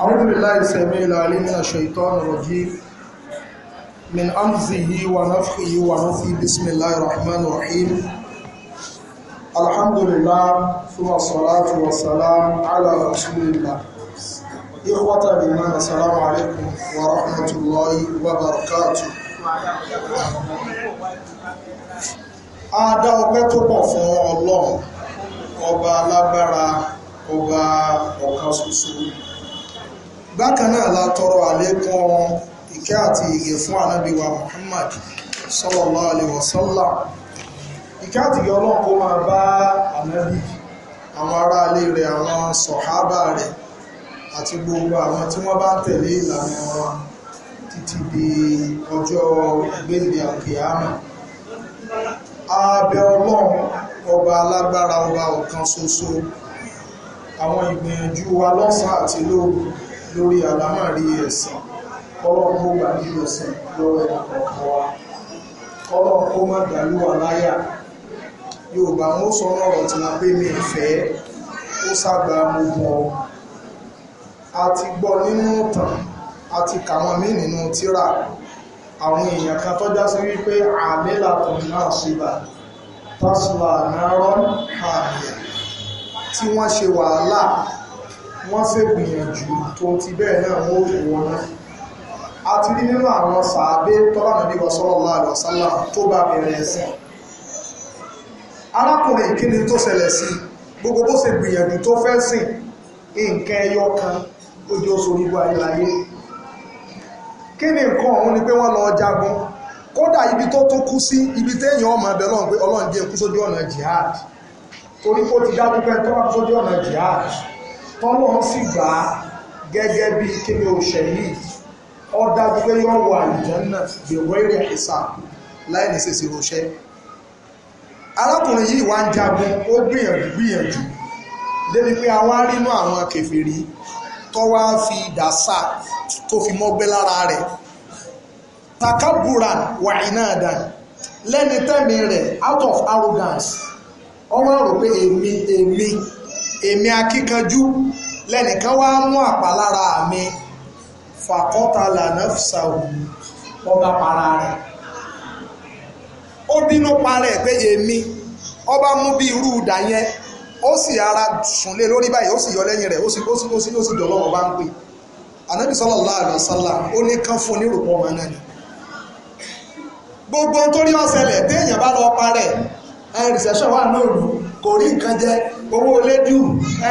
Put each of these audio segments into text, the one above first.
أعوذ بالله السميع العليم من الشيطان الرجيم من أمزه ونفخه ونفخه بسم الله الرحمن الرحيم الحمد لله ثم الصلاة والسلام على رسول الله إخوة الإيمان السلام عليكم ورحمة الله وبركاته A dá ọpẹ́ tó pọ̀ fún Ọlọ́run ọba alágbára ọba ọ̀kan ṣoṣo bákan náà la tọrọ àlékún ìkẹ́ àti ìyè fún Muhammad sallallahu alaihi ìkẹ́ àti ìyè ọlọ́run kó máa bá anábí àwọn aráalé rẹ, àwọn gbogbo àwọn tí wọn bá ń ìlànà di ìgbéǹde àkèámà a bẹ̀ ọba alágbára ọba ṣoṣo àwọn ìgbìyànjú wa lọ́sàn àti lóòrùn lórí àlámọ̀rí ẹ̀sìn kọ́lọ́n kó gbà nínú ẹ̀sìn lọ́wọ́ ẹ̀nà kọ̀ọ̀kan wa kọ́lọ́n kó má dàlú wa láyà yorùbá wọn sọ ọ̀rọ̀ tí wọn pé mi ìfẹ́ ó sábà mo mọ̀ ọ́ a ti gbọ́ nínú ìtàn a ti kà wọ́n mí nínú tírà àwọn èèyàn kan tó já sí wípé àmì làkùnrin náà ṣe bà tásùlà náírà hàmìyàn tí wọ́n ṣe wàhálà wọ́n ṣe gbìyànjú tó ti bẹ́ẹ̀ náà wọ́n ò wọ́n náà a ti rí nínú àwọn sàábé tọ́lá nàbí sallallahu alaihi wasallam tó bá bẹ̀rẹ̀ ẹ̀sìn arákùnrin ìkíni tó ṣẹlẹ̀ sí gbogbo bó ṣe gbìyànjú tó fẹ́ sìn nǹkan ẹyọ kan ó jẹ́ oṣù orí ayélayé kí ni nǹkan ọ̀hún ni pé wọ́n lọ jagun kódà ibi tó tún kú sí ibi téèyàn ọmọ ẹbẹ̀ lọ́n pé ọlọ́run jẹ́ kú sójú ọ̀nà jihad torí kó ti dájú pé tọ́wọ́ sójú ọ̀nà jihad tọ́lọ́run sì gbà á gẹ́gẹ́ bí kíni òṣèlú ọ dájú pé yọ wọ àlùjànnà gbèrò èrè ìsà láì ní sèse rọṣẹ́ arákùnrin yìí wá ń jagun ó gbìyànjú gbìyànjú débi pé àwa rínú àwọn kèfèrí tọ́wá fi dàsà tó fi mọ́gbẹ́ lára rẹ̀ takaburan wàhínáàdàn lẹ́ni tẹ́mi rẹ̀ out of arrogance ọrọ rò pé èmi èmi èmi akíkanjú lẹ́nìkan wá mú àpalára mi fàkọ́tàlà nafsahu ọba para rẹ̀ ó bínú pé èmi ọba mú bí irú ìdá yẹn ó sì ara sùnlé lórí báyìí ó sì yọ lẹ́yìn rẹ̀ ó sì ó sì ó sì ó sì ń pè ànábì ó ní kán fún onírùpọ̀ ọmọ náà ni gbogbo nítorí téèyàn bá Eh, rìsẹ̀ṣọ̀ wà náà kò rí nǹkan jẹ owó lédìú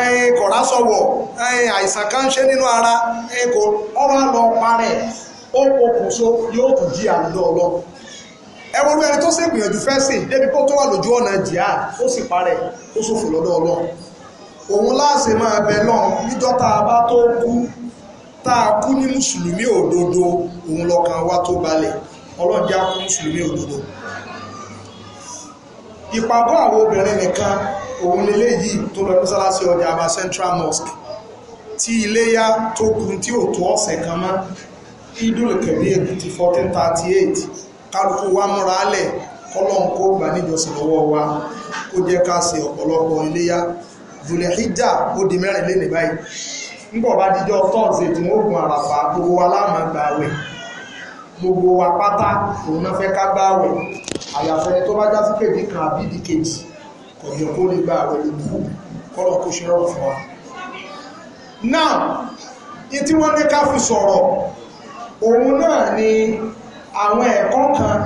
eh, kò rásọ̀wọ̀ eh, àìsàn kan ṣe nínú ara kò ọwọ́ lọ parẹ́ ó pokùnso yóò tún jí àlọ́ lọ ẹ wọ́n ẹni tó sì gbìyànjú fẹ́ sìn débi kó tó wà lójú ọ̀nà ó sì parẹ́ ó lọ́dọ̀ òun láàṣẹ máa bẹ tá a bá tó kú tá a kú ìpàgọ́ àwọn obìnrin nìkan òun lè léyìí tó lọ mọ́sálásí ọjà àbá central mosque tí iléyá tó kun tí ò tó ọ̀sẹ̀ kan mọ́ idul kebir ti fourteen kálukú wa múra lẹ̀ kọ́lọ́n kó gbà níjọsìn lọ́wọ́ wa kó jẹ́ ká ṣe ọ̀pọ̀lọpọ̀ iléyá zulhijja ó di mẹ́rin lé ní báyìí ńbọ̀ bá dijọ́ tọ́ọ̀sì tí wọ́n gun àràfà gbogbo wa láàmú gbààwẹ̀ gbogbo wa pátá òun náà fẹ́ ká gbààwẹ̀ àyàfẹ́ tó bá jásí kèdè kan àbí ìdí kejì kò yẹ kó lè gba àwẹ̀ lè kọ́lọ̀ kó ṣe rọrùn fún wa náà ìtí wọ́n ní ká fi sọ̀rọ̀ òun náà ni àwọn ẹ̀kọ́ kan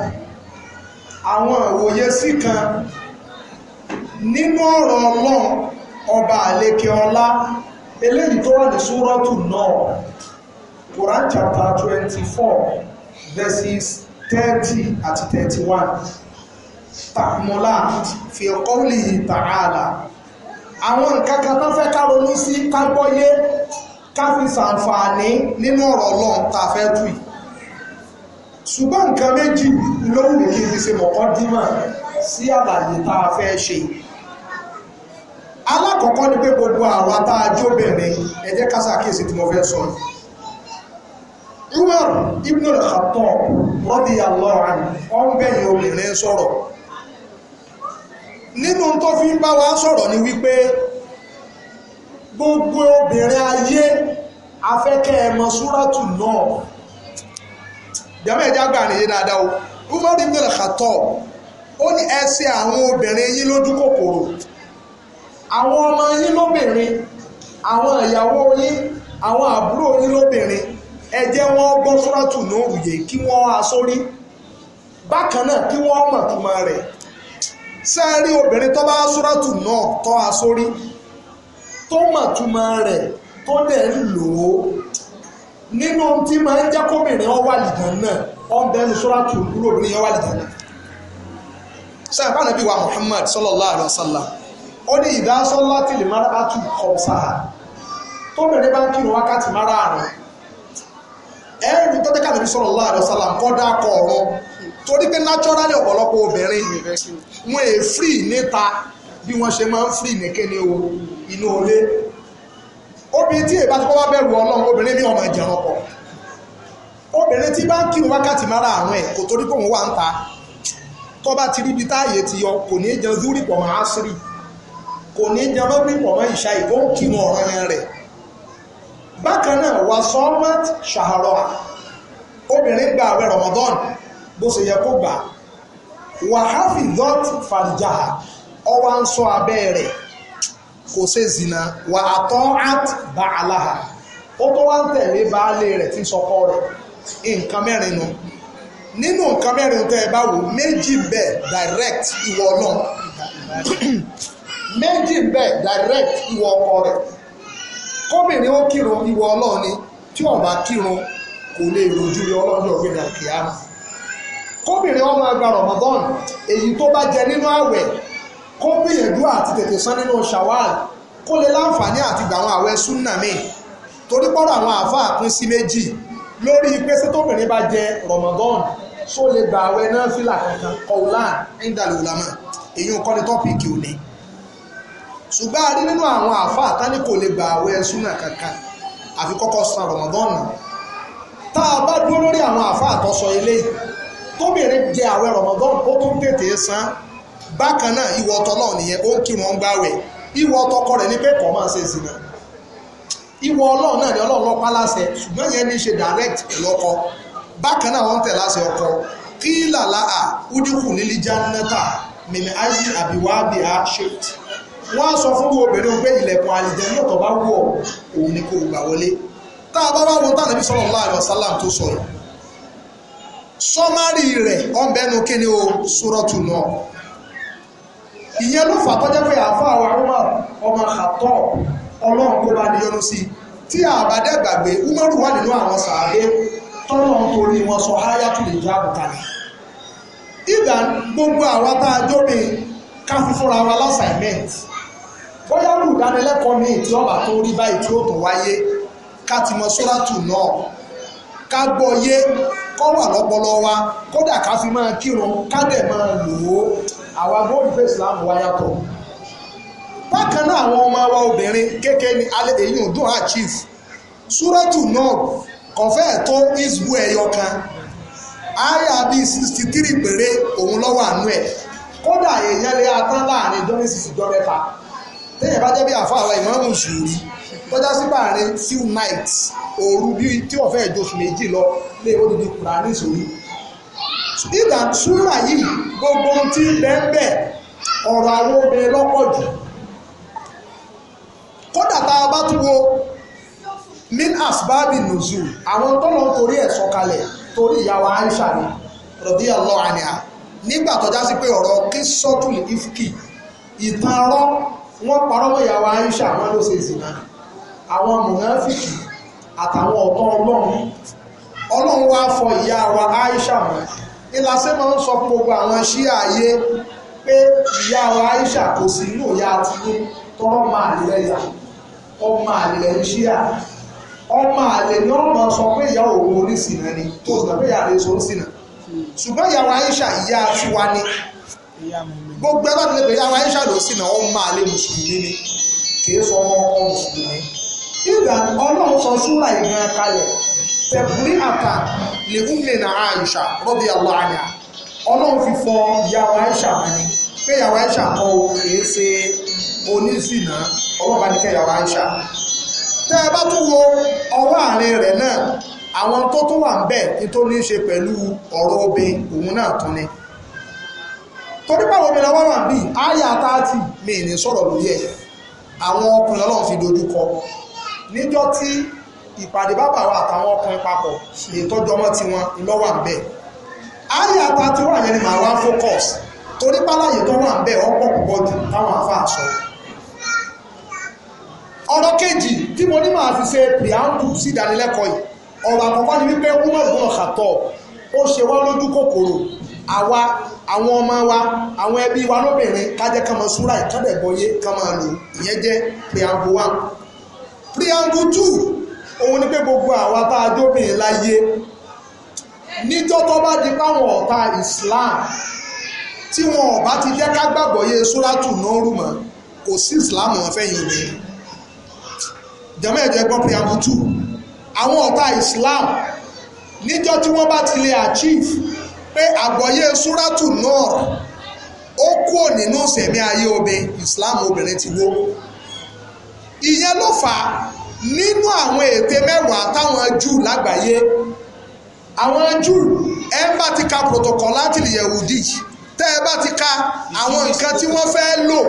àwọn ìwòye sí kan nínú ọ̀rọ̀ ọlọ́run ọba àlekè ọlá eléyìí tó wà ní súrọ́tù náà Quran chapter twenty four verses thirty àti thirty one tàmúláàt fi kọ́ọ̀lì tààlà àwọn nǹkan kan tó fẹ́ ká ronú sí ká gbọ́yé ká fi ṣàǹfààní nínú ọ̀rọ̀ ọlọ́run tá a fẹ́ tù yìí ṣùgbọ́n nǹkan méjì lówùú kí n fi ṣe mọ̀kọ́ dímọ̀ sí àlàyé tá a fẹ́ ṣe alákọ̀ọ́kọ́ ni pé gbogbo àwa tá a jóbẹ̀rẹ̀ ẹ jẹ́ ká tí mo fẹ́ sọ yìí Umar ibn al-Khattab radiyallahu anhu ọ̀n bẹ̀yìn obìnrin sọ̀rọ̀ nínú tó fi ń bá wa sọ̀rọ̀ ni wípé gbogbo obìnrin ayé afẹ́kẹ́ ẹmọ súrátù náà jẹ́mọ̀ ẹ̀já gbà nìyí dáadáa o Umar ibn al-Khattab ó ní ẹ ṣe àwọn obìnrin yín lójú kòkòrò àwọn ọmọ yín lóbìnrin àwọn ìyàwó yín àwọn àbúrò yín lóbìnrin ẹ jẹ́ wọ́n gbọ́ sọ́ràtù nóòrù yẹ kí wọ́n á sórí bákan náà kí wọ́n mọ̀ túmọ̀ rẹ̀ sẹ́ẹ̀rí obìnrin tó bá sọ́ràtù náà tọ́ a sórí tó mọ̀ túmọ̀ rẹ̀ tó dẹ̀ ń lò ó nínú tí máa ń jẹ́ kóbìnrin ọ wà lìdán náà ọ ń bẹ́ẹ̀ ní sọ́ràtù lúrò obìnrin yẹn wà lìdán náà sẹ́ẹ̀ bá nàbí wa Muhammad sallallahu alayhi wa sallam ó ní ìdásọ́lá tìlímárà àtúkọ̀ sáà tóbìnrin bá ń kírun wákàtí márààrún ẹ̀rù tó tẹ́ka lórí sọ̀rọ̀ láàrọ̀ sálà kọ́ dá kọ ọ̀rọ̀ torí pé naturally ọ̀pọ̀lọpọ̀ obìnrin wọn è free níta bí wọ́n ṣe máa ń free ní o inú olé obìnrin tí èbá ti kọ́ bá bẹ̀rù ọlọ́run obìnrin ní ọmọ ìjẹun pọ̀ obìnrin tí bá ń kírun wákàtí mára àwọn ẹ̀ kò torí pé òun wà ń ta tó bá ti ríbi táàyè ti yọ kò ní í jẹun zúrì pọ̀ mọ́ àṣírí kò ní í jẹun mọ́gbìn pọ̀ mọ́ ìṣá bákan náà wà sọ́mọ́t ṣàhárọ̀ obìnrin gba àwẹ̀ Ramadan bó ṣe yẹ kó gbà wàhálì dot fàrìjà ọwọ́ à ń sọ abẹ́ rẹ̀ kò ṣe zina wà àtọ́ at bàálàhà ó tó wá ń tẹ̀lé baálé rẹ̀ tí ń sọkọ rẹ̀ nǹkan mẹ́rin nu nínú nǹkan mẹ́rin tẹ́ ẹ bá wò méjì bẹ́ẹ̀ direct ìwọ náà méjì bẹ́ẹ̀ direct ìwọ ọkọ rẹ̀ kóbìnrin ó kírun ìwọ ọlọ́run ni tí wọn bá kírun kò lè rojú yọ ọlọ́jọ́ ògbéni àkíyàmù kóbìnrin ọmọ ẹgbà Ramadan èyí tó bá jẹ nínú ààwẹ̀ kó gbìyànjú àti tètè san nínú shawal kó lè láǹfààní àti gbà àwọn ààwẹ̀ súnà mi torí pọ́nrọ́ àwọn àáfàá pín sí méjì lórí pẹ́sẹ́ tóbìnrin bá jẹ Ramadan só lè gba ààwẹ̀ náà fìlà kankan kọ́ọ̀lán ẹ̀ńdàlẹ̀ òlàmà èyí ń kọ́ni tọ́pìkì òní ṣùgbọ́n a rí nínú àwọn àáfàá tání kò lè gbà àwẹ̀ súnà kankan àfi kọ́kọ́ san Ramadan náà tá a bá dúró lórí àwọn àfáà tó sọ eléyìí tóbìnrin jẹ àwẹ̀ Ramadan ó tún tètè san bákan náà ìwọ ọtọ náà nìyẹn ó ń kí wọn ìwọ ọtọkọ rẹ ní pé kọ máa ṣe náà ìwọ Ọlọ́run náà ni Ọlọ́run lọpá láṣẹ ṣùgbọ́n yẹn ní ṣe direct pẹ̀lú bákan náà wọ́n tẹ̀ láṣẹ ọkọ kí làlá à údíkù nílí áyí àbíwá bíi wọ́n sọ fún obìnrin pé ilẹ̀kùn àlìjẹ́ náà tó bá wù ọ́ òun ni kò gbà wọlé tá a bá wá wo tánàbí sallallahu tó sọ̀rọ̀ o sórọ́tù náà ìyẹn ló fà tọ́jọ́ pé àáfà wa Umar ọmọ àtọ́ ọlọ́run kó bá níyọnu sí tí àbádẹ́ gbàgbé Umaru wà nínú àwọn torí wọn sọ háyà ká fi fúnra wa lásàìmẹ́ǹt bóyá lù ìdánilẹ́kọ̀ọ́ mi tí ọba tó rí báyìí tí ó tún wáyé ká ti mọ sóràtù náà ká gbọ́ yé kọ́ wà lọ́pọlọ wa kódà ká fi máa kírun ká dẹ̀ máa lò ó àwa bóyá fẹ́ ìsìlámù wa yàtọ̀ bákan náà àwọn ọmọ wa obìnrin kékeré ni èyí ò dùn achieve sóràtù náà kọ̀fẹ́ tó isbu ẹ̀yọ kan aya bíi sixty three péré òun lọ́wọ́ àánú ẹ̀ kódà èèyàn lè atán láàrin ìjọ méjì sí ìjọ mẹ́ta téèyàn bá jẹ́ bí àfa àwọn ìmọ̀ mùsùlùmí tọ́já sí láàrin few nights òru bí tí wọ́n fẹ́ẹ́ jọṣù méjì lọ lé odidi e kùránì sórí. ìgbà súnà yìí gbogbo ohun tí ń bẹ́ẹ̀ bẹ́ẹ̀ ọ̀rọ̀ àwọn obìnrin lọ́pọ̀ jù kódà tá a bá tún wo min asbabi nuzul àwọn tọ́lọ̀ ń torí ẹ̀ sọ̀kalẹ̀ torí ìyàwó Aisha ni rọ̀bí Allah àníyàn nígbà tó já sí pé ọ̀rọ̀ kí sọ́tùlì ifki ìtàn rọ́ wọ́n parọ́ mọ́ ìyàwó Aisha wọn ló ṣe zina àwọn mùnáfìkì àtàwọn ọ̀tọ́ ọlọ́run ọlọ́run wá fọ ìyá wa Aisha mọ́ ìlàsẹ́ máa ń sọ fún gbogbo àwọn ṣíà ayé pé ìyá wa Aisha kò sí inú ìyá àtìlú tọ́rọ máa lè yà ọmọ àlè ń ṣíà ọmọ àlè ni wọ́n máa sọ pé ìyá òun oníṣìnà ni tó sì náà pé ìyá rẹ̀ sọ ń ṣìnà ṣùgbọ́n ìyàwó Aisha ìyá tiwa ni gbogbo ẹgbẹ́ àti lẹ́gbẹ̀ẹ́ ìyàwó Aisha ló sì náà ó máa lé mùsùlùmí sọ ọmọ ọkọ mùsùlùmí. ìgbà ọlọ́run sọ súrà ìgbà kalẹ̀ tẹ̀kùrí àtà lè lè nà Aisha rọ́bì àwọn àyà ọlọ́run fi fọ ìyàwó Aisha pé ìyàwó Aisha kọ́ kìí ṣe ní kẹ́ ìyàwó Aisha. tẹ́ ẹ bá tún wo àwọn tó tún wà ń bẹ̀ ní tó ní í ṣe pẹ̀lú ọ̀rọ̀ obìnrin òun náà tán ni torí báwo mi lọ́wọ́ wà bíi àyà táàtì mi ní sọ̀rọ̀ lórí ẹ̀ àwọn ọkùnrin ọlọ́run fi dojú kọ níjọ́ tí ìpàdé bàbá wa àtàwọn ọkùnrin papọ̀ ìtọ́jú ọmọ tiwọn lọ́wọ́ à ń bẹ̀ àyà táàtì wà yẹn ni màá wá focus torí báláyé tó wà ń bẹ̀ ọ̀pọ̀ púpọ̀ jù táwọn àfáà sọ ọ̀rọ̀ kejì tí mo ní màá fi ṣe preamble sí ìdánilẹ́kọ̀ọ́ yìí ọ̀rọ̀ àkọ́kọ́ ni wípé Umar bin Khattab ó ṣe wá lójú kòkòrò àwa àwọn ọmọ wa àwọn ẹbí wa lóbìnrin kájẹ́ ká máa súra ìkádẹ̀ bọyé ká máa lò ìyẹn jẹ́ preamble one preamble two òun ni pé gbogbo àwa tá a jóbìnrin láyé níjọ́ tó bá di páwọn ọ̀tá Islam tí wọn ò bá ti jẹ́ ká gbàgbọ́ yé súrátù nóòrù mọ́ kò sí Islam wọn fẹ́ yìí ní ẹ̀jẹ̀ gbọ́ preamble two àwọn ọ̀tá Islam níjọ́ tí wọ́n bá ti lè achieve pé àgbọ̀yé súrátù náà ó kúrò nínú sẹ̀mí ayé obìnrin Islam obìnrin ti wó ìyẹn ló fà á nínú àwọn ète mẹ́wàá táwọn Júù lágbàáyé àwọn Júù ẹ bá ti ka protocol láti lè yẹ̀wùdì tẹ́ ẹ bá ti ka àwọn nǹkan tí wọ́n fẹ́ lò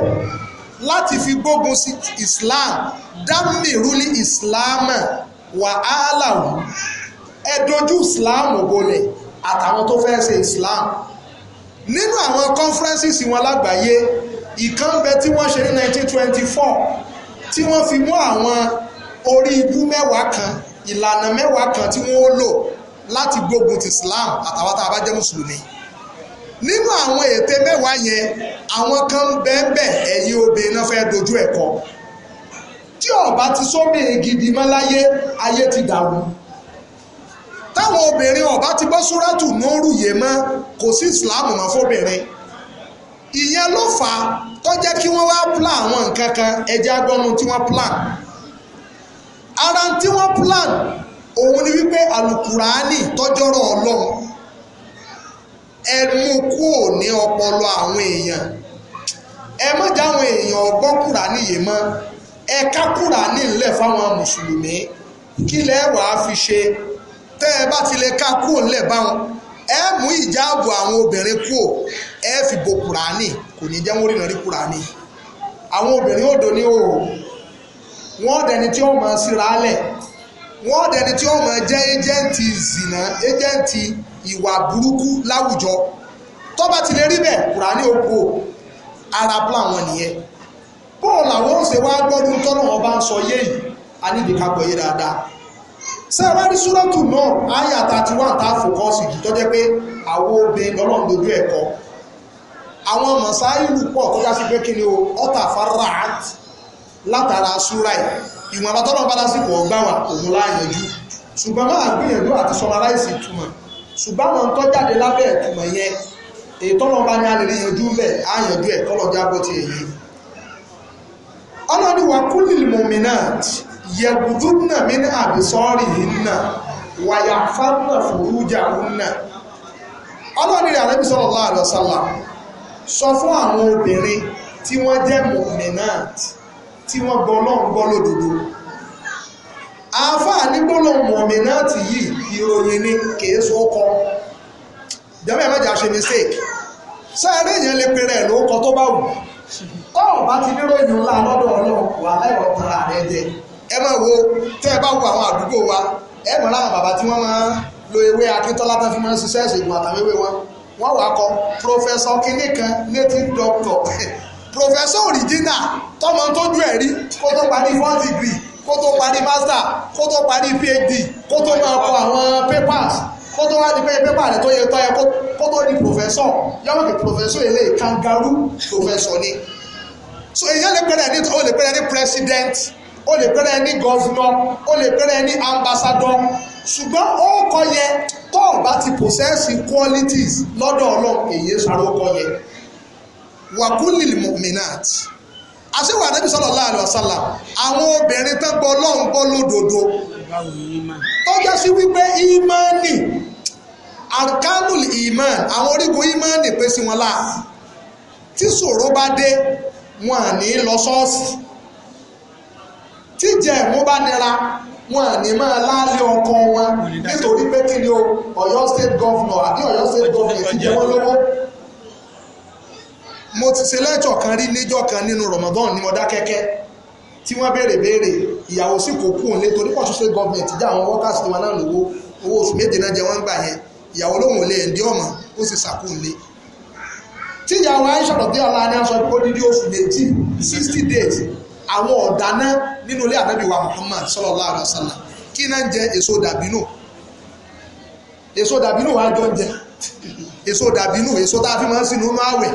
láti fi gbógun sí Islam dámìrúlì Islam. Islam wàhálà wọn ẹ dojú islam bolẹ̀ àtàwọn tó fẹ́ ṣe islam nínú àwọn conferences wọn lágbàáyé ìkan bẹ tí wọ́n ṣe ní 1924 tí wọ́n fi mú àwọn orí ibú mẹ́wàá kan ìlànà mẹ́wàá kan tí wọ́n lò láti gbógun ti islam àtàwọn tá a bá jẹ́ mùsùlùmí nínú àwọn ète mẹ́wàá yẹn àwọn kan bẹ́ẹ̀ bẹ́ẹ̀ ẹ̀yin obìnrin náà fẹ́ dojú ẹ̀kọ́ tí ọba ti sómi gidi mọ́ láyé ayé ti dàrú táwọn obìnrin ọba ti bọ́ súrátù nóòrù yé mọ́ kò sí ìsìláàmù mọ́ fóbìnrin ìyẹn ló fà á tó jẹ́ kí wọ́n wá plan àwọn nǹkan kan ẹja gbọ́nu tí wọ́n plan ara tí wọ́n plan òun ni wípé alukuraani tọ́jọ́rọ̀ ọlọ́run ẹnu kúò ní ọpọlọ àwọn èèyàn ẹ má jáwọn èèyàn ọgbọ́n kúrà níyè mọ́ ẹ̀ka kúrà ní ìlẹ̀ fáwọn mùsùlùmí kí lẹ́ wàá fi ṣe tẹ́ ẹ bá ti lè ká kúò ńlẹ̀ báwọn ẹ mú ìjáàbò àwọn obìnrin kúò ẹ fi bo kùránì kò ní jẹ́ wọ́n rìnà rí kùránì àwọn obìnrin òdo ní òòrò wọ́n dẹni tí wọ́n máa síra lẹ̀ wọ́n dẹni tí wọ́n máa jẹ́ ẹjẹ́ǹtì zìnà ẹjẹ́ǹtì ìwà burúkú láwùjọ tó bá ti lè rí bẹ́ẹ̀ kùránì ó kú ara plan wọn nìyẹn bóò làwọn ọ̀sẹ̀ wá gbọ́dún tọ́nà ọba ń sọ yé yìí a níbi ká gbọ́ yé dáadáa sẹ́wárí súrọ́tù náà àyà tàti wà tá a fòkọ́ sí jù tọ́jẹ́ pé àwọn obìnrin lọ́lọ́ lójú ẹ̀kọ́ àwọn mọ̀sáìlù pọ̀ kọjá sí pé kí ni o ọ̀tà faraat látara súra ẹ̀ ìwọ̀n àbátọ́nà bá lásìkò ọgbà wà òun láàyànjú ṣùgbọ́n máa gbìyànjú àti sọmaráìsì ìtumọ̀ ṣùgbọ́n àwọn tó jáde lábẹ́ ìtumọ̀ yẹn èyí tọ́lọ́ bá ní alẹ́ yanjú bẹ́ẹ̀ á yanjú ẹ̀ tọ́lọ́ jábọ́ ti èyí ọlọ́ni wa kúlìl mọ̀mìnàt yẹ̀gùdúnà mí ní àbísọ́rì yìí nà wàyà fánà fòrújà nà ọlọ́ni rẹ̀ àlẹ́bí sallallahu alaihi wasallam sọ fún àwọn obìnrin tí wọ́n jẹ́ mọ̀mìnàt tí wọ́n gbọ́ lọ́hùn gbọ́ lódodo àáfàá ní gbólóhùn yìí ìròyìn ni kìí sókọ jẹ́mọ̀ ẹ̀ mẹ́jà ṣe mistake sẹ́ẹ̀rẹ́ èèyàn lè pe rẹ̀ lóko tó bá wù tó o bá ti nírò ìyún ńlá lọ́dọ̀ ọlọ́run wà láìwọ̀ tara rẹ jẹ ẹ máa wo tẹ́ ẹ bá wo àwọn àdúgbò wa ẹ mọ̀ láwọn bàbá tí wọ́n máa lo ewé akíntọ́lá tó fi máa ń ṣiṣẹ́ ìṣègùn àtàwéwé wọn wọ́n wàá kọ pòfẹ́sọ kínní kan native doctor pòfẹ́sọ original tọmọ tójú ẹ̀ rí kó tó parí four degree kó tó parí master kó tó parí phd kó tó máa kọ àwọn papers kó tó wá di pé pépà rẹ̀ tó yẹ tó yẹ kó tó di professor yọmọ kí professor yìí lè kangaroo professor ni so èyàn lè pẹ́rẹ́ ní o lè pẹ́rẹ́ ní president o lè pẹ́rẹ́ ní governor o lè pẹ́rẹ́ ní ambassador ṣùgbọ́n ó kọ yẹ tó o bá ti possess qualities lọ́dọ̀ ọlọ́run èyí sọ̀rọ̀ kọ yẹ wàkúlì mọ̀mìnàt àṣewà nàbí sallallahu alaihi wasallam àwọn obìnrin tán gbọ́ ọlọ́run gbọ́ lódodo tó já sí wípé ìmánì arkanul iman àwọn orígun ìmánì pé sí wọn láà tí ṣòro bá dé wọn à ní lọ ṣọ́ọ̀ṣì tíjẹ ẹ̀mú bá nira wọn à ní máa láàlé ọkọ wọn nítorí pé kí ni o Ọ̀yọ́ state governor àbí Ọ̀yọ́ state governor ti jẹ wọn lọ́wọ́ mo ti ṣe lẹ́tọ̀ kan rí níjọ́ kan nínú Ramadan ní mo dákẹ́kẹ́ tí wọ́n béèrè béèrè ìyàwó sì kò kú òǹlé torí pọ̀ṣù state government jẹ́ àwọn workers tiwa náà lówó owó oṣù méje náà jẹ wọ́n ń gbà yẹn ìyàwó lóhùn lè ẹ̀ ń ó sì sàkó òǹlé tí ìyàwó Aisha rọ̀dí ọ̀la ni aṣọ odidi oṣù méjì sixty days àwọn ọ̀dáná nínú ilé ànábì wa Muhammad sallallahu alaihi wasallam kí náà ń jẹ èso dàbínù èso dàbínù wa jọ ń jẹ èso dàbínù èso tá a fi máa ń sinú máa wẹ̀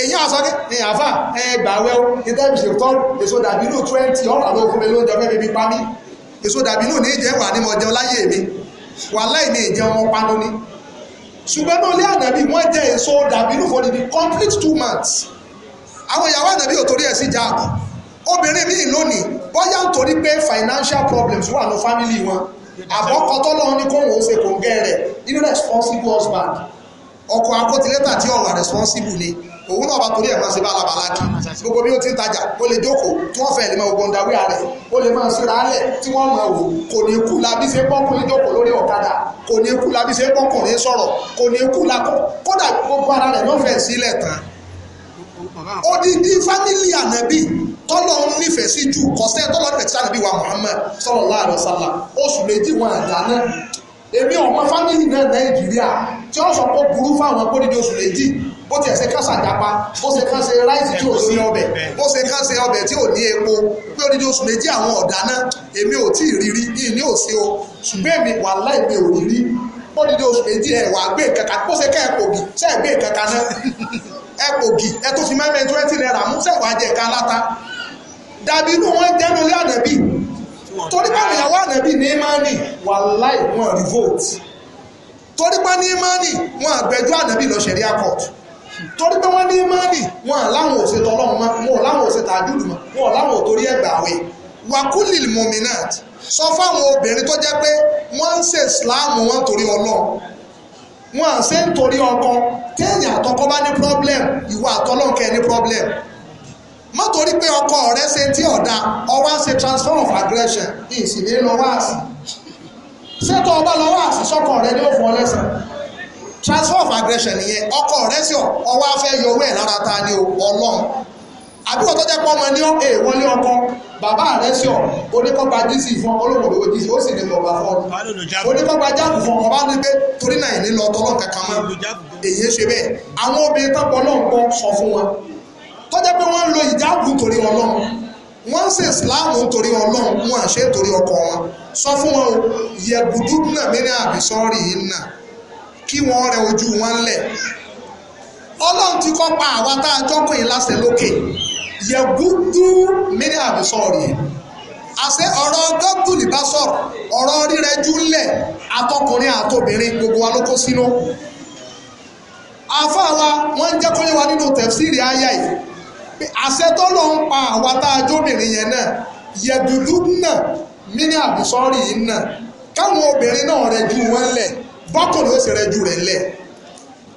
èyí àsọ́kẹ́ ní àfà ẹgbàáwẹ́ ìtẹ́bìsì tọ́ èso dàbínú twenty ọ̀rọ̀ àwọn òfin ló ń jọ fẹ́ẹ́ fi pa mí èso dàbínú ní ìjẹ́ wà ní mo jẹun láyé mi wà láì ní ìjẹun ọmọ panu ni ṣùgbọ́n náà lé ànàbí wọ́n jẹ èso dàbínú for the complete two months àwọn ìyàwó ànàbí ò torí ẹ̀ sí jáàbù obìnrin míì lónìí bóyá nítorí pé financial problems wà ní family wọn àbọ̀kọ́tọ́ lọ́wọ́ ní kóhùn ó ṣe kò ń gẹ́ rẹ̀ irresponsible husband ọkọ̀ akótilétà tí ọ̀rọ̀ responsible ni òun náà bá torí ẹ̀ máa ṣe bálabàlá kí gbogbo bí ó ti ń tajà ó lè jókòó tí wọ́n fẹ́ lè máa gbọ́n dawí ààrẹ ó lè máa síra álẹ̀ tí wọ́n máa wò kò ní kú labí ṣe pọ́kùnrin jókòó lórí ọ̀kadà kò ní kú labí ṣe pọ́kùnrin sọ̀rọ̀ kò ní kú lakọ̀ kódà gbogbo ara rẹ̀ ló fẹ́ sílẹ̀ tán. odidi fámìlì ànábì tọ́lọ̀ ń nífẹ̀ẹ́ sí ju kọ́sẹ́ tọ́lọ̀ nífẹ̀ẹ́ sí ànábì wa Muhammad sallallahu alaihi wasallam oṣù méjì wọn àdáná èmi ọmọ fámìlì náà nàìjíríà tí ó sọ pé burú fáwọn kó dídí oṣù méjì bó tiẹ̀ ṣe kásà jápa bó ṣe kán ṣe ráìsì tí ò sí ọbẹ̀ bó ṣe kán ṣe ọbẹ̀ tí ò ní epo pé odidi oṣù méjì àwọn ọ̀dà náà èmi ò tí ì rírí yìí ní òsè o ṣùgbọ́n èmi wà láì mi ò rírí bó dídí oṣù méjì ẹ̀ wà gbé kankan bó ṣe ká ẹ̀ kò bì ṣe ẹ̀ gbé kankan náà ẹ̀ kò bì ẹ̀ tó fi mẹ́mẹ́ twenty naira mú ṣẹ̀ wá jẹ̀ ká láta dàbí inú wọn jẹ́nu lé àdàbí torí pé àwọn ìyàwó ànábì ní imani wàláì wọn revolt torí pé ní imani wọn àgbẹjọ́ ànábì lọ ṣẹ̀ríà court torí pé wọ́n ní imani wọn àláwọn òṣètò ọlọ́run mọ́ wọn àláwọn òṣètò àdúrù mọ́ wọn àláwọn òtórí ẹ̀gbà àwẹ̀ wàkúlì mọ̀mìnàt sọ fáwọn obìnrin tó jẹ́ pé wọ́n ń ṣe ìsìláàmù wọn torí ọlọ́run wọn à ń ṣe ń torí ọkọ téèyàn àtọkọ bá ní problem ìwọ àtọlọ́nkẹ́ ní problem má torí pé ọkọ rẹ ṣe tí ọ̀dà ọwọ́ ṣe transform of aggression ìsìlè lọ wáàsì ṣètò ọba lọ wáàsì sọkọ rẹ ní òfò ọlẹ́sàn Transform of aggression nìyẹn ọkọ rẹ sí ọwọ́ afẹ́ yọwọ́ ẹ̀ lára ta ni ọlọ́run àbúrò tó jẹ́ pé ọmọ ní èèwọ̀n ní ọkọ bàbá rẹ sí ọ oníkọ́gba jísì fún olóòwò ìwé jísì ó sì ní lọ́ba fún ọ oníkọ́gba jáàbù fún ọba ní pé torí náà ìní lọ tọ́lọ́ kankan mọ́ èyí ṣe bẹ́ẹ̀ àwọn obìnrin tọ́pọ̀ náà ń bọ́ sọ fún wọn tọ́jẹ́ pé wọ́n ń lo ìjáàbù torí ọlọ́run wọ́n ń ṣe ìsìláàmù torí ọlọ́run wọn àṣẹ torí ọkọ wọn sọ fún wọn o yẹ̀bùdú náà mẹ́rin àbí sọ́ọ̀rì yìí náà kí wọ́n rẹ ojú wọn lẹ̀ ọlọ́run ti kọ́ pa àwa tá a jọ́kùn yìí láṣẹ lókè yẹ̀bùdú mẹ́rin àbí sọ́ọ̀rì yìí àṣẹ ọ̀rọ̀ gọ́gùlì bá sọ̀rọ̀ ọ̀rọ̀ rírẹjú ńlẹ̀ atọkùnrin àtobìnrin gbogbo wa ló kó sínú àfáà wa wọ́n ń jẹ́ kóyé wa nínú tẹ̀fsíìrì ayá yìí àṣẹ tó lọ ń pa àwa tá a jóbìnrin yẹn náà yẹ̀dùdú náà mini àbùsọ́rì yìí náà káwọn obìnrin náà rẹ ju wọn lẹ̀ bọ́kùnrin ó sì rẹ ju rẹ̀ lẹ̀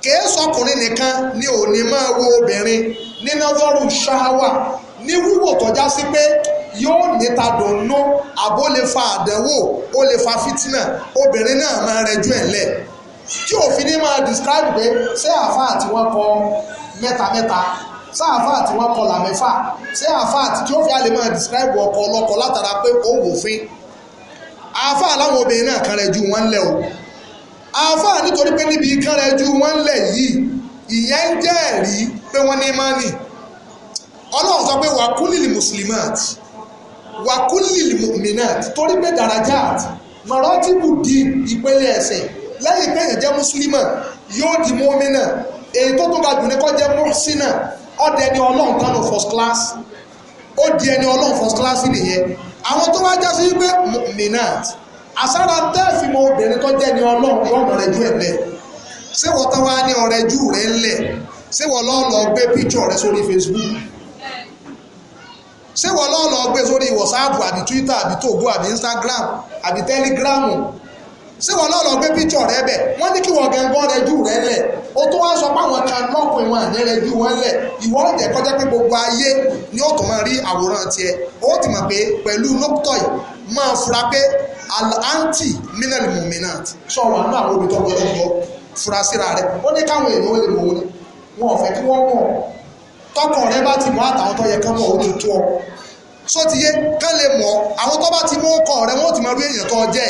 kìí sọkùnrin nìkan ni ò ní máa wo obìnrin ní nọ́dọ́rù ṣáháwà ní wíwò tọ́já sí pé yóò níta dùnnú àbó lè fa àdánwò ó lè fa fítínà obìnrin náà máa rẹ ju ẹ̀ lẹ̀ tí òfin ní máa describe pé ṣé àfa àti kọ mẹ́ta mẹ́ta ṣé àfáà tí wọ́n kọlà mẹ́fà ṣé àfáà tí ó fi àlè máa describe ọkọ ọlọ́kọ látara pé ó wò fín àfáà láwọn obìnrin náà kan rẹ̀ ju wọ́n lẹ̀ o àfáà nítorí pé níbi kan rẹ̀ ju wọ́n lẹ̀ yìí ìyẹn ń jẹ́ ẹ̀rí pé wọ́n ní mánì ọlọ́run sọ pé wàkúlìlì mùsùlùmáàtì wàkúlìlì mùmìnáàtì torí pé dàrájáàtì mọ̀rọ́tìbù di ìpele ẹ̀sìn lẹ́yìn pé èèyàn jẹ́ mùsùlùmá yóò di mọ́mìnà èyí tó tó ga jù ní kó jẹ́ mùsínà ó di ẹni ọlọ́run kan nù first class ó di ẹni ọlọ́run first class nìyẹn àwọn tó wá já sí pé minat àsára tẹ́ẹ̀fì mọ obìnrin tó jẹ́ ẹni ọlọ́run yọ̀ọ̀nà rẹ̀ jù ẹ̀ lẹ̀ ṣé wọ́n tán wá ní ọ̀rẹ́ jù rẹ̀ ńlẹ̀ ṣé wọ́n lọ́ọ́ lọ gbé píkṣọ̀ rẹ̀ sórí Facebook ṣé wọ́n lọ́ọ́ lọ gbé sórí wọ́sáàpù àbí Twitter àbí tògbó àbí Instagram àbí Telegram ṣé wọn náà lọ gbé píṣọ rẹ bẹ wọn ní kí wọn gangan rẹ jù rẹ lẹ o tó wá sọ pé àwọn kan lọkùnrin wọn àní rẹ jù wọn lẹ ìwọ ń jẹ kọjá pé gbogbo ayé ni ó tó máa rí àwòrán tiẹ̀ ó ti mọ̀ pé pẹ̀lú lóòótọ́ yìí máa fura pé àǹtí mínàlì mọ̀mínàt sọ wà nínú àwọn obìnrin tó gbọdọ̀ gbọ́ fura síra rẹ ó ní káwọn èèyàn ó lè mọ̀ wọn wọn ò fẹ́ kí wọ́n mọ̀ tọkàn rẹ bá ti mọ̀ àtàwọn tó yẹ kán mọ̀ ó tuntun ọ sọ ti kán lè mọ̀ àwọn tó bá ti mọ̀ ọkọ rẹ wọn ò ti mọ̀ rí èèyàn tó jẹ́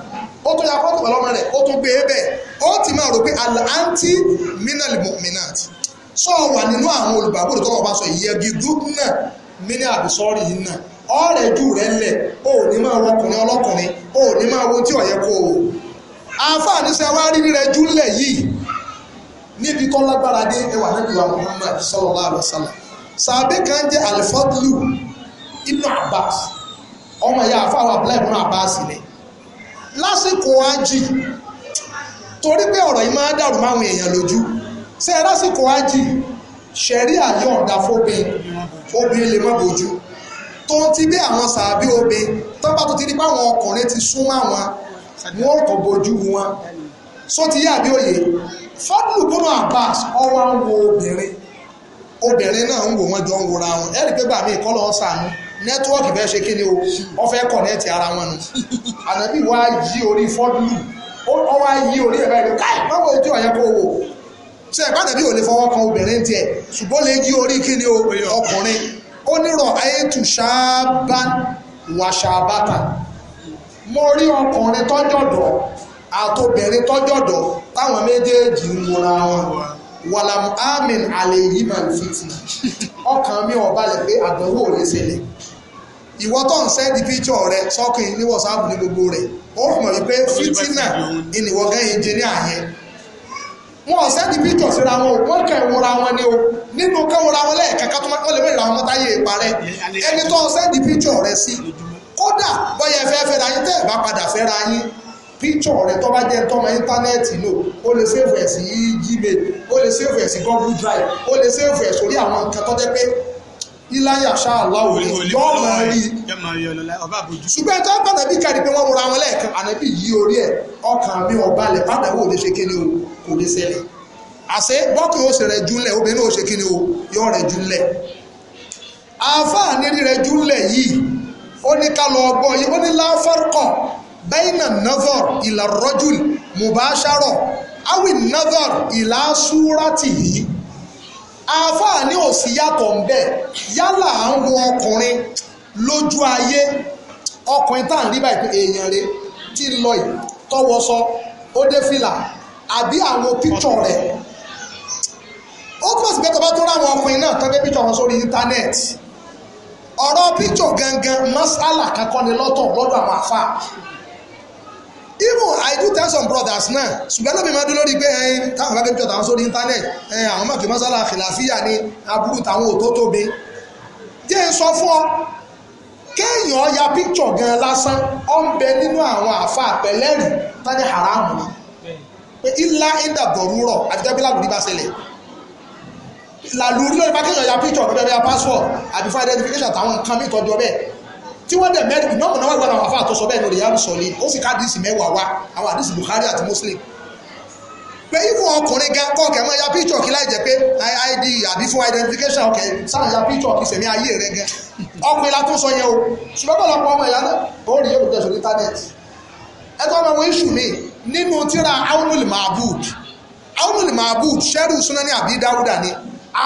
ó tún ya fọ́tò pẹ̀lú ọmọ rẹ̀ ó tún gbé e bẹ́ẹ̀ ó ti máa rò pé àǹtí minal mu'minat sọ wà nínú àwọn olùgbàgbọ́ tó wọ́n bá sọ ìyẹ́gi dúdúnà mínà àbísọ́rì yìí náà ọ̀rẹ́ jù rẹ̀ lẹ̀ ó ní máa wọ ọkùnrin ọlọ́kùnrin ó ní máa wo tí ọ̀yẹ́ kó o àǹfààní sẹ́ wá rí rẹ̀ jù lẹ̀ yìí níbi tó lágbára dé ẹwà níbi wa Muhammad sallallahu alaihi wasallam kan jẹ́ alifadlu ibn Abbas ọmọ ìyá àfáwà abdullahi ibn Abbas nìyẹn lásìkò ájì torí pé ọ̀rọ̀ yìí máa dàrú máwọn èèyàn lójú ṣe lásìkò ájì ṣẹ̀rí àyọ̀ ọ̀dà fóbin obìnrin lè má bójú tó ń ti bí àwọn sàbí obìn tó bá tó ti rí báwọn ọkùnrin ti súnmọ́ àwọn wọn kò bójú wọn só ti yá àbí òye fọ́dúnù gbọ́nà Abbas ọwọ́ ń wo obìnrin obìnrin náà ń wò wọ́n jọ ń wòra wọn ẹ̀rí pé bàmí ìkọ́lọ́ ọ̀sán nẹ́tíwọ́ọ̀kì fẹ́ ṣe kí ni o wọ́n fẹ́ kọ̀nẹ́ẹ̀tì ara wọn nù ànábì wá yí orí fọ́dúlù ó wá yí orí ẹ̀ báyìí káì báwo ojú ọ̀yẹ́ kó wò ṣe ẹ̀gbọ́n ànábì ò lè fọwọ́ kan obìnrin tiẹ̀ ṣùgbọ́n lè yí orí kí ni o ọkùnrin ó nírọ̀ ayétu ṣáàbà wà ṣáàbàtà mo rí ọkùnrin tọ́jọ̀dọ̀ àtobìnrin tọ́jọ̀dọ̀ táwọn méjèèjì ń wọra wọn wàlàmù amin àlè yìí màlúfìtì ọkàn mi ò balẹ̀ pé àdánwò ò lè ṣẹlẹ̀ ìwọ tó ń sẹ́ndì píkṣọ rẹ sọ́kùn ní wọ́sáàbù ní gbogbo rẹ̀ ó mọ̀ wípé fìtínà ìnìwọ̀gẹ́ engineer yẹn wọn ò sẹ́ndì píkṣọ síra wọn wọn kàn wọra wọn ni o nínú kàn wọra wọn lẹ́ẹ̀kan ká tó má wọ́n lè mẹ́rin àwọn mọ́tá yé parẹ́ ẹni tó ń sẹ́ndì píkṣọ rẹ sí kódà bọ́yẹ fẹ́ fẹ́ ra yín tẹ́ ẹ̀ bá padà fẹ́ ra yín píkṣọ rẹ tó bá jẹ́ tọ́mọ íńtánẹ́ẹ̀tì lò ó lè sèfù ẹ̀ sí Gmail ó lè sèfù ẹ̀ Google Drive ó lè sèfù ẹ̀ sórí àwọn nǹkan tó jẹ́ pé iláyà ṣáàlá òní yọ́ mọ̀ rí ṣùgbọ́n tó pàtàkì kàrí pé wọ́n múra wọn lẹ́ẹ̀kan ànábì yí orí ẹ̀ ọkàn mi ọba lẹ̀ pàtàkì ò lè ṣe kíni o kò lè ṣẹlẹ̀ àṣé bọ́ọ̀kì ó ṣe rẹ̀ júlẹ̀ obìnrin ó ṣe kíni o yọ rẹ̀ júlẹ̀ àǹfààní rírẹ̀ júlẹ̀ yìí ó ní ká lọ ọgbọ́n yìí ó ní láfọ́rọ́kọ̀ bẹ́ẹ̀nà nọ́vọ̀r ìlà rọ́jùl mùbáṣárọ̀ áwì nọ́vọ̀r ìlà súrátì yìí àáfàá ní òsì yàtọ̀ ń bẹ̀ yálà à ń wo ọkùnrin lójú ayé ọkùnrin tá à ń rí báyìí pé èèyàn rẹ̀ ti lọ yìí tọwọ́ sọ ó dé fìlà àbí àwọn píkṣọ̀ rẹ̀ ó túmọ̀ sí pé tọba tó ráwọn ọkùnrin náà tán gbé píkṣọ̀ wọn sórí íńtánẹ́ẹ̀tì ọ̀rọ̀ píkṣọ̀ gangan masala kankan ni lọ́tọ̀ lọ́dọ̀ àwọn àáfàá even i do tell some brothers náà ṣùgbọ́n náà mi máa dún lórí pé ẹyin táwọn bá kẹ́kẹ́ tàwọn sórí íńtánẹ́ẹ̀tì ẹyin àwọn máa kì í mọ́sálà àfìlàfíà ni aburú tàwọn ò tó tóbi jẹ́ ń sọ fún ọ kéèyàn ya píkṣọ̀ gan lásán ọ ń bẹ nínú àwọn àfa àpẹlẹ́rì tani haramu ni pé ilá ìdà dọ̀rúrọ̀ àtijọ́bí làlùrí bá ṣẹlẹ̀ làlùrí lórí bá kéèyàn ya píkṣọ̀ lọ́jọ́ bí a passport àbí fún identification àtàwọn nǹkan mìtọ́jọ́ bẹ́ẹ̀ tí wọ́n dẹ̀ mẹ́rin ìmọ̀ náà wà àwọn àfáà tó sọ bẹ́ẹ̀ lórí yàrá sọ̀lẹ̀ ó sì ká àdìsí mẹ́wàá wá àwọn àdìsí Bukhari àti Muslim pé ìwọ ọkùnrin gan kọ́ kẹ́ mọ́ ya píṣọ̀ kí láì jẹ́ pé id àbí fún identification kẹ́ sáà ya píṣọ̀ kí sẹ̀mí ayé rẹ gan ọkùnrin la tó sọ yẹn o ṣùgbọ́n pọ̀lọpọ̀ ọmọ ìyá náà ó rí èrò jẹ́sọ̀ íńtánẹ́ẹ̀tì ẹ tó ọmọ iṣu mi nínú tíra aunul mahbud aunul mahbud sẹ́rù súnáni àbí dáúdà ni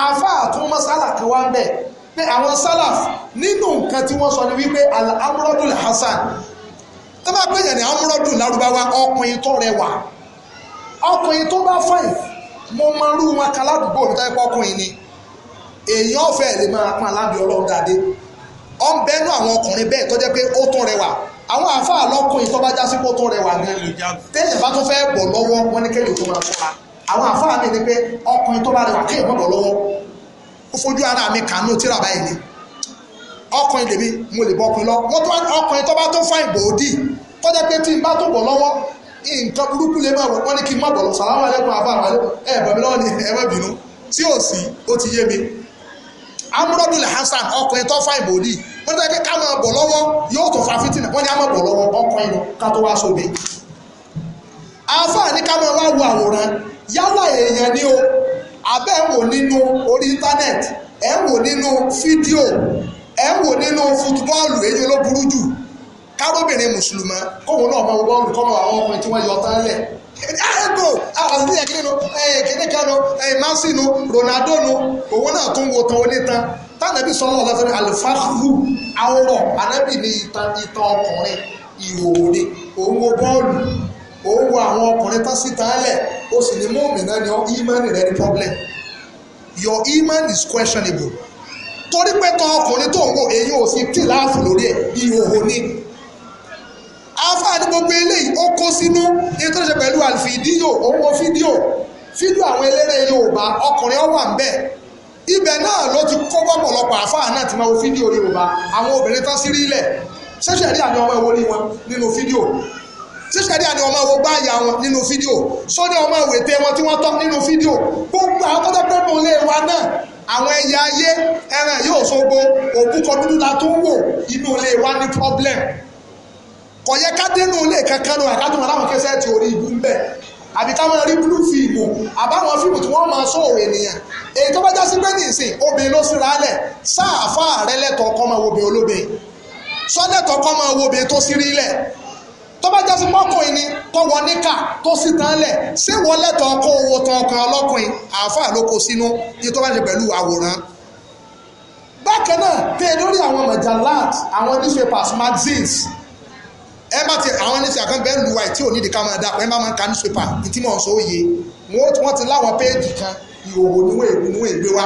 àáfàá tó mọ́sálà kan wá ń bẹ́ẹ̀ pé àwọn salaf nínú nǹkan tí wọ́n sọ ni wípé amúrọ́dùn hasan tó bá pè ní amúrọ́dùn lárúbáwá ọkùnrin tó rẹwà ọkùnrin tó bá fàìn mo máa rú wọn kan ládùúgbò mi ni èèyàn ọ̀fẹ́ lè máa pọn alábì ọlọ́run dáadé ọ ń bẹ́nu àwọn ọkùnrin bẹ́ẹ̀ tó jẹ́ pé ó tún rẹwà àwọn àáfàá lọ́kùnrin tó bá já sí kó tún rẹwà ni bọ̀ lọ́wọ́ wọn ó fojú ara mi kànú tíra báyìí ni ọkùnrin lèmi mo lè bọ́ ọkùnrin lọ wọ́n tó ọkùnrin tó bá tó fáìn bòódì kó jẹ́ pé tí n bá tó bọ̀ lọ́wọ́ nǹkan burúkú lè máa wọ̀ wọ́n ní kí n má bọ̀ lọ sàlámù alẹ́kùn àbá àwọn alẹ́kùn ẹ̀ bọ̀ mí lọ́wọ́ ni ẹ má bínú tí ò sí ó ti yé mi amúrọ́dún lè hasan ọkùnrin tó fáìn bòódì wọ́n tẹ́ pé ká máa bọ̀ lọ́wọ́ yóò tó fa fítìnà wọ́n ní á máa bọ̀ lọ́wọ́ ọkùnrin lọ ká tó wá sóbi àáfàá ní ká máa wá wo àwòrán yálà o abẹ́ wò nínú orí íńtánẹ́ẹ̀tì ẹ̀ wò nínú fídíò ẹ̀ wò nínú fútbọ́ọ̀lù èyí ló burú jù káróbìnrin mùsùlùmọ́ kóun náà mọ bọ́ọ̀lù kọ́mọ àwọn ọkùnrin tí wọ́n yọ ọtá lẹ̀ ẹgbò àwọn àti ẹgbẹ́ nu ẹyìn kìnnìkan nu ẹyìn masi nu Ronaldo nu òun náà tún wo tán onítan tánàbí sọlọ ọlọsẹ alifahru awọ anabi ní ìtàn ìtàn ọkùnrin ìhòòhò ni òun wo bọ́ọ̀lù ó wo àwọn ọkùnrin tán síta lẹ̀ ó sì ní mọ́ọ̀mìnà ni ìmánì rẹ ní problem your iman is questionable torí pé tán ọkùnrin tó ń wò èyí ò sí tí láàfù lórí ẹ̀ ìhòòhò ni àfáàní gbogbo eléyìí ó kó sínú ní tó ṣe pẹ̀lú àfìdíò owó fídíò fídíò àwọn eléré Yorùbá ọkùnrin ọwà ń bẹ̀ ibẹ̀ náà ló ti kó pọ̀pọ̀lọpọ̀ àfáà náà ti máa wo fídíò Yorùbá àwọn obìnrin tán sí rí ilẹ̀ ṣẹ̀ṣẹ̀ rí àmì ọmọ ìwọlé wọn nínú fídíò sísẹ́díà ni ọmọ wo gbáàyà wọn nínú fídíò sóní ọmọ ìwètè wọn tí wọ́n tọ́ nínú fídíò gbogbo àwọn tó dẹ́pẹ́ mọ̀ lé wa náà àwọn ẹ̀yà ayé ẹran yóò sọ́gbó òkú kọdúdú la tó ń wò inú ní problem kò yẹ ká dénú ilé kankan lọ kẹsẹ̀ orí ìlú ń bẹ̀ àbí káwọn rí fíìmù àbáwọn fíìmù tí máa èyí tó bá já sí obìnrin ló rẹ tó bá jásí pọ́kùnrin ni tó wọ níkà tó sì tán lẹ̀ ṣé wọ́n lẹ́tọ̀ọ́ kó owó tan ọkàn ọlọ́kùnrin àáfàá ló kó sínú ní tó bá ṣe pẹ̀lú àwòrán bákan náà tẹ lórí àwọn majalat àwọn newspapers magazines ẹ bá ti àwọn oníṣẹ́ àkànbẹ́ ń lu wa tí ò ní ìdíkà máa dàpọ̀ ẹ bá máa ń ka newspaper ní tí mò ń sọ òye wọ́n ti láwọn péèjì kan ìhòòhò níwọ̀n èlú níwọ̀n èlú wa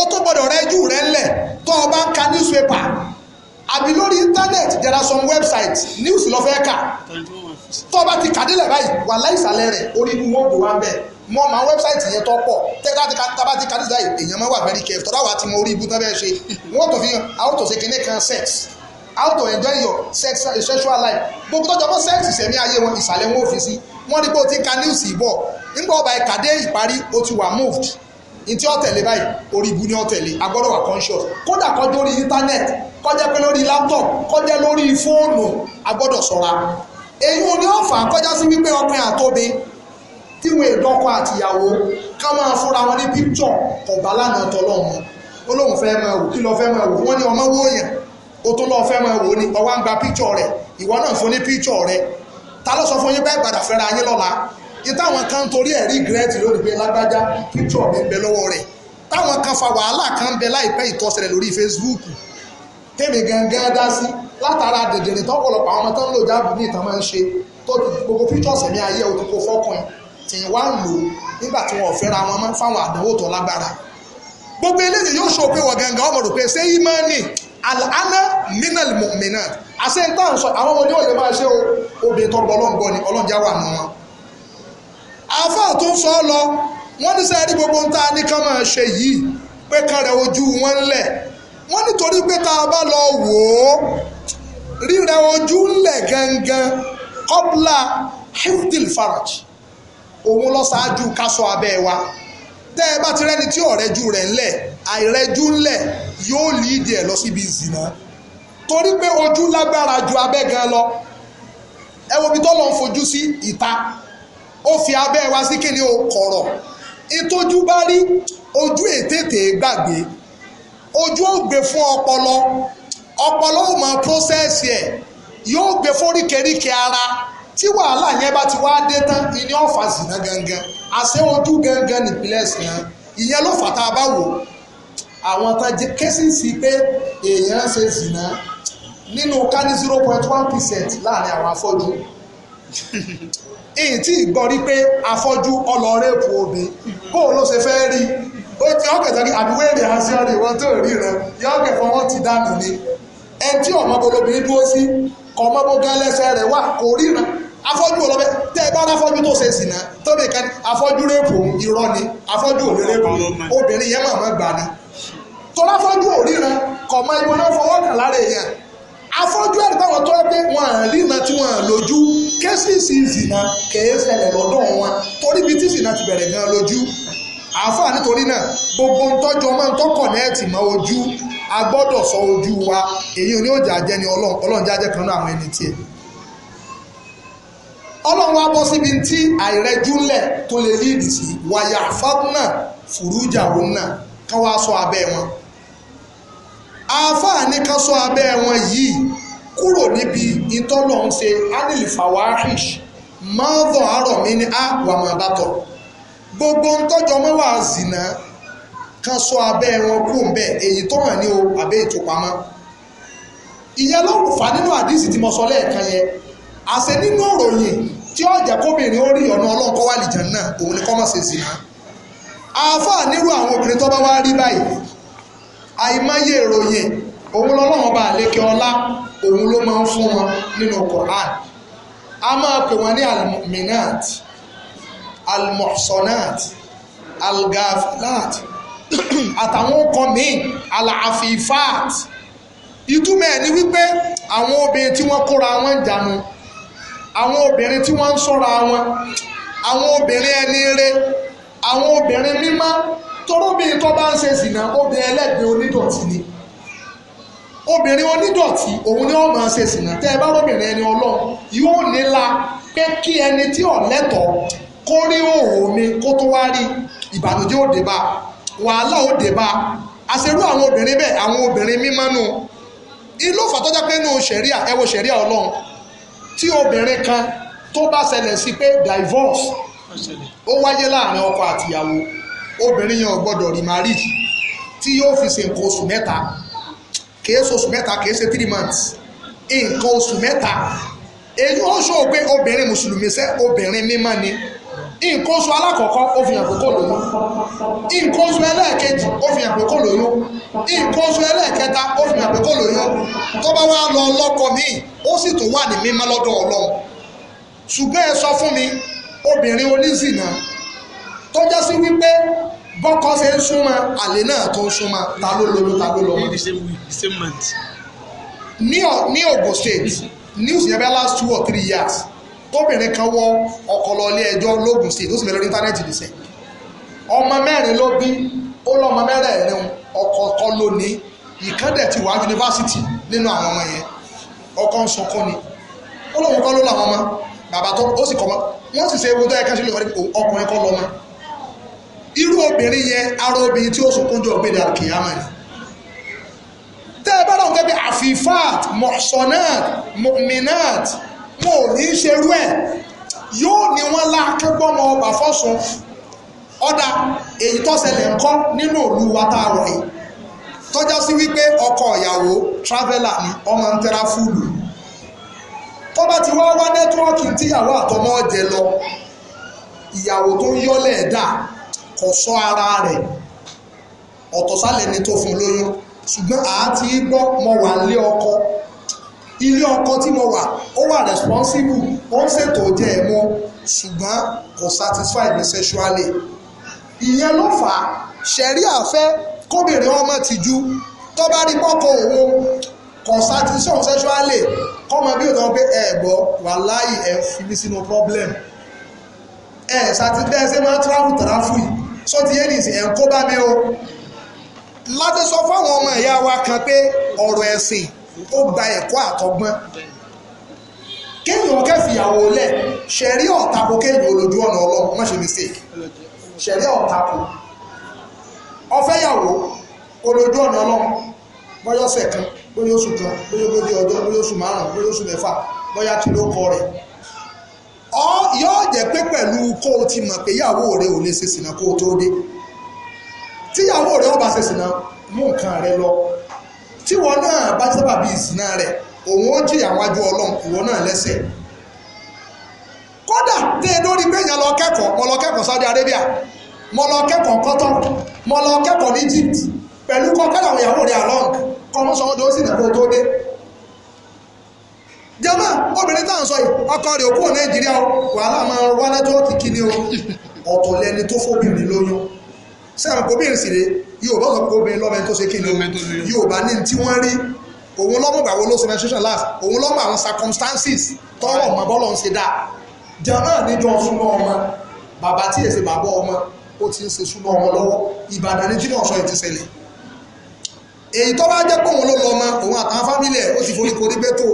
ó tó gbọ́dọ̀ rẹ́jú rẹ́ ńlẹ̀ tó o bá ń ka newspaper àbí lórí íńtánẹ́ẹ̀tì there are some websites news lọ fẹ́ kà tó bá ti kàdílẹ̀ báyìí wà láìsàlẹ̀ rẹ̀ orí inú wọn bò wá ń bẹ̀ mọ màá wẹ́bsáìtì yẹn tó pọ̀ tẹ́lá ti tábà ti kàdílẹ̀ èèyàn máa wà very careful tọ́lá wà á ti mọ orí ibú tán bẹ́ẹ̀ ṣe wọ́n tó fi how to ṣe kinní kan sex how to enjoy your sex sexual life gbogbo tọ́jọ́ mọ́ sex ìṣẹ̀mí ayé wọn ìsàlẹ̀ wọn ò fi sí wọ́n rí pé o ti ka news ìbọ̀ nígbà ọba ìkàdé ìparí o ti wà moved ntí ó tẹ̀lé báyìí orí ibu ni ó tẹ̀lé a gbọ́dọ̀ wà conscious kódà kọjá lórí internet kọjá pé lórí laptop kọjá lórí fóònù a gbọ́dọ̀ ṣọ́ra èyí ni ní ọ̀fà kọjá sí wípé ọkùnrin àtòbí tí wọn èdọkọ àtìyàwó ká máa fúnra wọn ní píktọ̀ ọ̀bá lánàá tọ́lọ́mù olóhùn fẹ́ máa wò kí lọ fẹ́ máa wò wọ́n ní ọmọ wòyàn o tó lọ́ọ́ fẹ́ máa wò ní ọwọ́ ń gba píktọ̀ rẹ̀ ìwọ náà fún ní píktọ̀ rẹ̀ ta ló sọ fún yín bẹ́ẹ̀ gbàdà fẹ́ra yín lọ́la ìtàwọn kan torí ẹ̀rí gírẹ́tì lónìí pé lágbájá píkṣọ̀ mi ń bẹ lọ́wọ́ rẹ̀ táwọn kan fa wàhálà kan bẹ láìpẹ́ ìtọ́sẹ̀rẹ̀ lórí Facebook tèmi gangan dá sí látara dèdèrè tọ́pọ̀lọpọ̀ àwọn ọmọ tó ń lò jáàbù ní ìtàn máa ń ṣe tó gbogbo píkṣọ̀sì mi ayé òtún kó fọ́kàn tí wá ń lò nígbà tí wọn ò fẹ́ra wọn mọ́ fáwọn àdánwò tó lágbára gbogbo eléyìí yóò sọ pé wọ́n gangan ọmọ rò pé ṣé imani alana minal mu'minat àṣẹ ń tàn sọ àwọn ọmọdé ò lè máa ṣe obìnrin tó gbọ́ ọlọ́ngbọ́ ni ọlọ́njà wà nù wọn àáfàá tó ń sọ ọ lọ wọ́n ní sẹ́ẹ̀rí gbogbo ń ta ní ká máa ṣe yìí pé kan rẹ̀ ojú wọn ńlẹ̀ wọ́n nítorí pé tá a bá lọ wò ó rírẹ ojú ńlẹ̀ gangan kọ́bùlà hifdil faraj òun lọ ṣáájú kásọ abẹ́ wa tẹ́ ẹ bá ti rẹ́ni tí ọ̀rẹ́jú rẹ̀ ńlẹ̀ àìrẹ́jú ńlẹ̀ yóò lídìí ẹ̀ lọ síbi ìzìnà torí pé ojú lágbára ju abẹ́ gan lọ ẹ wo ibi tó lọ ń fojú sí ìta ó fi abẹ́ wa sí kíni o kọ̀rọ̀ ìtọ́jú bá rí ojú ètètè gbàgbé ojú ò gbé fún ọpọlọ ọpọlọ ò mọ prósẹ́sì ẹ̀ yóò gbé fóríkèríkè ara tí wàhálà yẹn bá ti wá dé tán ìní ọ̀fà zìnà gangan àṣẹ ojú gangan nípìnlẹ̀ sìn án ìyẹn ló fà tá a bá wò àwọn tán jẹ kẹ́sìsì pé èèyàn ṣe zìnà nínú ká ní zero point one percent láàrin àwọn afọ́jú èyí tí pé afọ́jú ọlọ́rẹ́pù obì bóun ló ṣe fẹ́ rí ó ti ọ̀kẹ̀tẹ̀ ní àdúgbò èrè àṣírí ìwọ́n tó rí rẹ yọ̀ọ̀kẹ̀ fún ti dànù ni ẹ tí ọmọ dúró sí ọmọ lẹ́sẹ̀ rẹ̀ wà kò ríran afọ́jú ọlọ́bẹ̀ tẹ́ ẹ bá ráfọ́jú tó ṣe sìnà tó lè ka afọ́jú irọ́ ni afọ́jú obìnrin yẹn gbà ni afọ́jú ẹ̀rí báwọn tó pé wọn à ń ríran tí wọn à lójú kẹ́sìsì ìsìnà kèé ṣẹlẹ̀ lọ́dọ̀ wọn torí bí tí ìsìnà ti bẹ̀rẹ̀ gan lójú àáfàá nítorí náà gbogbo ntọ́jú ọmọ ntọ́kọ̀ nẹ́ẹ̀tì mọ́ ojú a gbọ́dọ̀ sọ ojú wa èyí ò ní òjà jẹ́ ni ọlọ́run ọlọ́run jájẹ́ kan náà àwọn ẹni tiẹ̀ ọlọ́run wa bọ́ síbi tí àìrẹ́jú ńlẹ̀ tó lè líìdì sí wàyà fáwọn náà fùrújà òun náà káwá sọ abẹ́ wọn Afa ní ká sọ abẹ́ wọn yìí kúrò níbi ìtọ́lọ̀ ń ṣe anil fawahish mọ́ọ̀dọ̀ àárọ̀ mi ní a wà máa bá tọ̀ gbogbo ń tọ́jọ́ mẹ́wàá zìnà ká sọ abẹ́ wọn kú ń bẹ̀ èyí tó hàn ní o àbẹ́ ìtòpamọ́ ìyẹn ló fà nínú àdìsí tí mo sọ lẹ́ẹ̀kan yẹn àṣẹ nínú òròyìn tí ọjà kóbìnrin ó rí ọ̀nà ọlọ́run kọ́ wà náà òun ni kọ́ zìnà àáfàá nírú àwọn obìnrin tó bá wá rí báyìí àìmọye ìròyìn òun lọ́lọ́wọ́n bá lékè ọlá òun ló máa ń fún wọn nínú Quran a máa pè wọ́n ní alminat almuhsanat algafilat àtàwọn ọkọ míì alaafifat ìtumọ̀ ẹ̀ ni wípé àwọn obìnrin tí wọ́n kóra wọn jánu àwọn obìnrin tí wọ́n ń sọ́ra wọn àwọn obìnrin ẹni rere àwọn obìnrin mímọ́ toró bíi tó bá ń ṣe sìnà obìnrin ẹlẹ́gbẹ̀ẹ́ onídọ̀tí ni obìnrin onídọ̀tí òun ni wọ́n máa ń ṣe sìnà tẹ́ ẹ bá lóbìnrin ẹni ọlọ́run yóò nílá pé kí ẹni tí ò lẹ́tọ̀ọ́ kó rí òòrùn mi kó tó wá rí ìbànújẹ́ òde bá wàhálà òde bá àṣerú àwọn obìnrin bẹ́ẹ̀ àwọn obìnrin mímánú ìlú fàtọ́jà pé nù ṣẹ̀ríà ẹ wo ṣẹ̀ríà ọlọ́run tí obìnrin kan tó bá ṣẹlẹ̀ sí pé divorce ó wáyé láàrin ọkọ àtìyàwó obìnrin yẹn ò gbọ́dọ̀ rí màrí tí yóò fi ṣe nǹkan oṣù mẹ́ta kìí ṣe oṣù mẹ́ta kìí ṣe three months nǹkan oṣù mẹ́ta èyí ó ṣòwò pé obìnrin mùsùlùmí ṣe obìnrin mímọ́ ni nǹkan oṣù alákọ̀ọ́kọ́ ó fi hàn pé kò lóyún nǹkan oṣù ẹlẹ́ẹ̀kejì ó fi hàn pé kò lóyún nǹkan oṣù ẹlẹ́ẹ̀kẹta ó fi hàn pé kò lóyún tó bá wá lọ lọ́kọ míì ó sì tún wà ní mímọ́ lọ́dọ̀ ọlọ́run ṣùgbọ́n ẹ sọ fún mi obìnrin oníṣìnà tó já sí wípé bọ́kọ ṣe ń súnmọ́ àlè náà tó ń súnmọ́ ta ló lóyún ta ló lọ́mọ. ní Ogun State news yẹn bẹ́ẹ̀ last two or three years tóbìnrin kan wọ ọkọ lọ ilé ẹjọ́ lógun State ó sì mẹ́lẹ́ lórí íńtánẹ́ẹ̀tì nìṣẹ́ ọmọ mẹ́rin ló bí ó lọ́mọ mẹ́rẹ̀ẹ̀rin ọkọ kọ́ lónìí ìkẹ́dẹ̀ ti wà yunifásitì nínú àwọn ọmọ yẹn ọkọ ń sọkọ ni ó lóun kọ́ ló làwọn ọmọ bàbá tó ó sì kọ́ mọ́ wọ́n sì ṣe ewu tó yẹ ká ṣe lè wọ́n ọkùnrin kọ́ lọ́mọ irú obìnrin yẹn ara obìnrin tí ó sunkún jọ gbé dàrú kìyàmà ni ẹ bá dáhùn gẹ́gẹ́ bí e mọ̀sánát ni wọn ò ní í eyi ẹ̀ yóò ní wọn ọba fọ́sùn ọ̀dà èyí tó nínú òlu wa tá a wọ̀ yìí tọ́já ọkọ ìyàwó traveller ni ọmọ ń tẹ́ra fúlù tó bá ti wá wá nẹ́tíwọ́ọ̀kì tíyàwó àtọmọ́ jẹ lọ ìyàwó tó yọ́lẹ̀ dà kò sọ ara rẹ̀ ọ̀tọ̀ sálẹ̀ ni tó fún lóyún ṣùgbọ́n àti gbọ́ mo wà nílé ọkọ ilé ọkọ tí mo wà ó wà responsible ó ń ṣètò jẹ ẹ mọ ṣùgbọ́n kò satisfy me sexually ìyẹn ló fà á ṣẹ̀rí àfẹ́ kóbìnrin ọmọ tìjú tó bá rí pọ́kọ òun kò satisfy sexually kọ́mọ bí òtọ́ pé ẹ gbọ́ wàláì ẹ fi mí sínú problem ẹ satisfy ẹ ṣe máa travel travel yìí sọ ti yẹn nìsín ẹ̀ ń kó bá mi o láti sọ fáwọn ọmọ ìyá wa kan pé ọ̀rọ̀ ẹ̀sìn ó gba ẹ̀kọ́ àtọgbọ́n kéèyàn kẹfìyàwó lẹ̀ ṣẹ̀rí ọ̀tako kéèyàn olójú ọ̀nà ọlọ́run má ṣe mistake ṣẹ̀rí ọ̀tako ọ̀fẹ́yàwó olójú ọ̀nà ọlọ́run bọ́yọ́sẹ̀ kan bóyá oṣù kan bóyá ogójì ọjọ́ bóyá oṣù márùn-ún bóyá oṣù mẹ́fà bóyá kìló kọ rẹ̀ ọ yóò jẹ́ pé pẹ̀lú kó o ti mọ̀ pé ìyàwó rẹ ò lè ṣe sìnà kó o tó dé tíyàwó rẹ ó bá ṣe sìnà mú nǹkan rẹ lọ tíwọ náà bá sábà bí ìsìnà rẹ òun ó jìyà wájú ọlọ́run ìwọ náà lẹ́sẹ̀ kódà tẹ́ ẹ lórí pé èèyàn lọ kẹ́kọ̀ọ́ mo lọ kẹ́kọ̀ọ́ Saudi Arabia mo lọ kẹ́kọ̀ọ́ kọ́tọ́ mo lọ kẹ́kọ̀ọ́ Egypt pẹ̀lú kọ́kọ́ àwọn ìyàwó rẹ along kọ́mọ́sọ́wọ́dọ́ sì nà kó o tó dé jẹ́mọ́ obìnrin táwọn sọ yìí ọkọ rẹ̀ òkú nàìjíríà wàhálà máa ń wá nẹ́tíwọ́ọ̀kì kíni o ọ̀tọ̀ lẹni tó fóbìnrin lóyún sẹ́wọ̀n kóbìnrin sì rè yóò bá sọ pé obìnrin lọ́mọ tó ṣe kíni yóò bá ní tí wọ́n rí òun lọ́mọ ìgbàwó ló ṣe menstruation last òun lọ́mọ àwọn circumstances tọ́wọ́ ọmọ bọ́lọ̀ ń ṣe dáa jẹ́mọ́ níjọ súnmọ́ ọmọ bàbá tí èsè bàbá ọmọ ó ti ń ṣe súnmọ́ ọmọ lọ́wọ́ ìbàdàn ní jíjọ́ ọ̀ṣọ́ ìtìsẹ̀lẹ̀ èyí tó bá jẹ́ pé òun ló lọ́mọ òun àtàwọn fámìlì ẹ̀ ó ti forí korí gbẹ́tò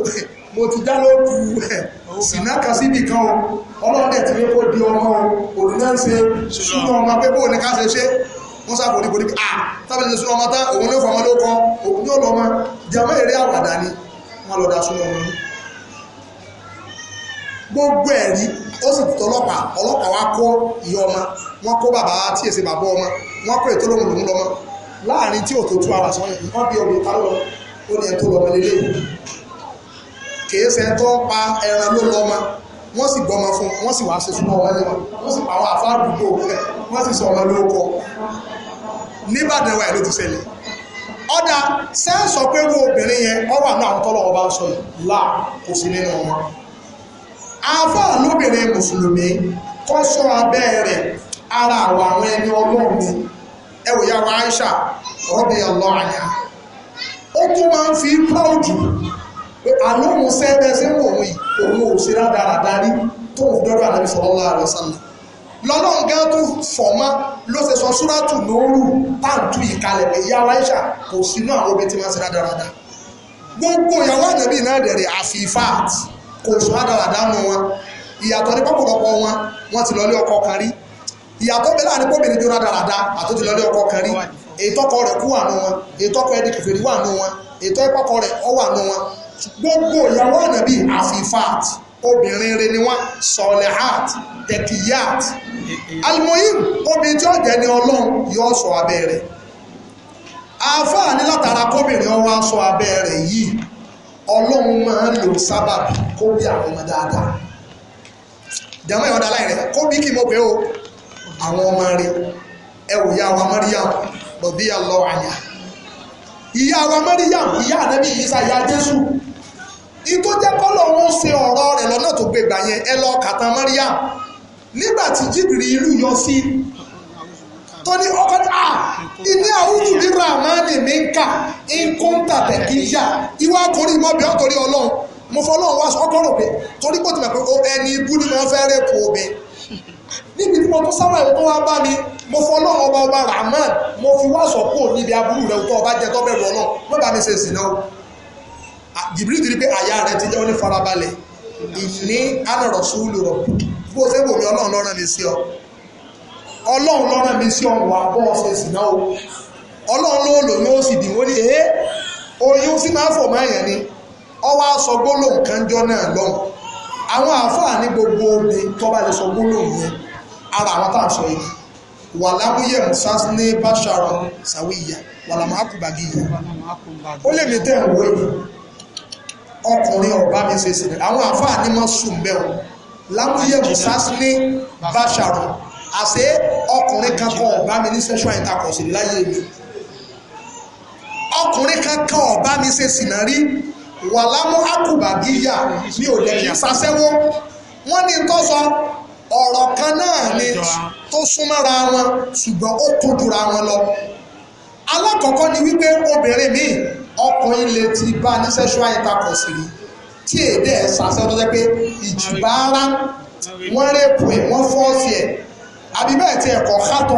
mo ti dá lóòkù ẹ̀ sínú kásíbì kan o ọlọ́dẹ̀ tí lè kó di ọmọ òní náà ń ṣe súnú ọmọ pé bóun ní ká ṣe ṣe wọ́n sáfò ní borí à tábìlì ṣe súnú ọmọ tá òun ló fọmọ ló kọ òun yóò lọ ọmọ jàmọ́ èrè àwàdà ni wọ́n lọ da súnú ọmọ ní. gbogbo ẹ̀rí ó sì tutọ́ ọlọ́pàá ọlọ́pàá wa kó ìyá ọmọ wọ́n kó bàbá tí èsì bàbá ọmọ wọ́n kó ètò lóhùn lòún lọ́mọ láàrin tí òtòtú àwọn àṣọ kìí ṣe tó pa ẹran ló lọ́mọ wọ́n sì gbọ́mọ fún wọ́n sì wá ṣe súnmọ́ wọlé wọn wọ́n sì pa àwọn òkè wọ́n sì sọ̀rọ̀ lóko nìbàdàn wa ìlú ti ṣẹlẹ̀ ọ̀dà sẹ́ńsọ pé wo obìnrin yẹn ọ wà àwọn tọ́lọ́wọ́ ń sọ kò sí nínú wọn mùsùlùmí kọ́ sọ abẹ́ rẹ̀ ara àwọn àwọn ẹni pé àlóhùn sẹ́ẹ̀bẹ́sẹ́ wò wọ́n yìí òun ò ṣe rádaràdà rí tó fi dọ́dọ̀ àlẹ́ sallallahu alaihi wasallam lọ́nà gan tó fọ̀mọ́ ló ṣe sọ súrátù lóòrù pàǹtù ìkalẹ̀ pé yàrá ìṣà kò sínú àwọn obìnrin tí wọ́n ṣe rádaràdà gbogbo ìyàwó ànábì náà dẹ̀rẹ̀ àfi fat kò sọ rádaràdà nù wọn ìyàtọ̀ ní pọ̀pọ̀lọpọ̀ wọn wọ́n ti lọlé ọkọ kan rí ìyàtọ̀ bẹ́ẹ̀ láàrin pọ̀bìnrin tó rádaràdà àtó ti ọkọ kan rí ètò ọkọ rẹ̀ kú wà nù wọn ètò ọkọ ẹ̀dẹ̀kẹ̀fẹ̀ wà nù wọn ètò ẹ̀pọ̀kọ rẹ̀ ọ wà nù wọn gbogbo ìyàwó ànàbí Afifat obìnrin rẹ ni wọn sọlẹhat tẹkiyat alimoyim obìnrin tí ó jẹ ní Ọlọ́run yóò sọ abẹ rẹ̀ àáfàá ní látara kóbìnrin ọwọ aṣọ abẹ rẹ̀ yìí Ọlọ́run máa ń lò sábàbí kó àwọn ọmọ dáadáa jàmọ ìwọ̀n dáláì rẹ kó kí mo pé o àwọn ọmọ rẹ ẹ wò yá wa Mariam lọ bí àlọ àyà ìyá wa Mariam ìyá ànábì Ìsá ìyá Jésù ìtó jẹ́ kọ́lọ̀ wọn ṣe ọ̀rọ̀ rẹ̀ lọ́nà tó gbé gbà yẹn ẹ lọ kàtà Mariam nígbà tí jìbìrì ìlú yọ sí tó ní ọkọ ní à ilé àwùjù rírà máa ní mi ń kà ń kóńtà tẹ̀ kí n yà ìwà àkórí mọ́bí ọ̀tọ̀rí ọlọ́run mo fọlọ́run wá ọkọ rò pé torí kò tìmọ̀ pé ẹni ibú ni wọ́n fẹ́ rẹ́pù omi níbi tí mo tún sábà ìwé tó wá bá mi mo fọlọ́run ọba ọba Rahman mo fi wá sọ̀kò níbi aburú rẹ̀ tó ọba jẹ tó bẹ̀rù ọlọ́run mọ́bà mi ṣe ìsìn náà Ah, jìbìrì ti rí pé àyà rẹ̀ ti jẹ́wọ́ ní farabalẹ̀ ìní ànàrọ̀ sùúlù rọ̀ bó o ṣe bò mí ọlọ́run lọ́rọ̀ mi sí ọ ọlọ́run lọ́rọ̀ mi sí ọ wà bọ́ ọ̀sẹ̀ sì náà o ọlọ́run ló lò ní ó sì dì wọ́n ní ẹ́ oyún sí máa fọ̀ máa yàn ni ọwọ́ aṣọ gbólóhùn kan jọ náà lọ́hùn àwọn àáfàá ní gbogbo omi tó bá lè sọ gbólóhùn yẹn ara àwọn tá à ń sọ yìí wà lábúyẹ̀ musa ní báṣarọ̀ sàwíyà wà làmọ́ àkùbàgì yìí ó lè mi tẹ̀ ń wọ́ ọkùnrin ọba mi ṣe sí àwọn àfáà ní mọ́ sùn bẹ́ẹ̀ o lámúyẹ̀bù sásílẹ̀ báṣàrò àṣé ọkùnrin kankan ọba mi ní sexual intercourse láyé mi ọkùnrin kankan ọba mi ṣe sìnà rí wà lámú àkùbàbí yà ní òde yẹn sasẹ́wó wọ́n ní tó sọ ọ̀rọ̀ kan náà ni tó súnmọ́ra wọn ṣùgbọ́n ó kó jura wọn lọ alákọ̀ọ́kọ́ ni wípé obìnrin míì ọkùnrin lè ti bá ní sexual intercourse rí tí èdè ẹ̀ sàṣẹ́ tó jẹ́ pé ìjìbá ara wọ́n rẹ́pù ẹ̀ wọ́n fọ́ọ̀sì ẹ̀ àbí bẹ́ẹ̀ tí ẹ̀kọ́ kátó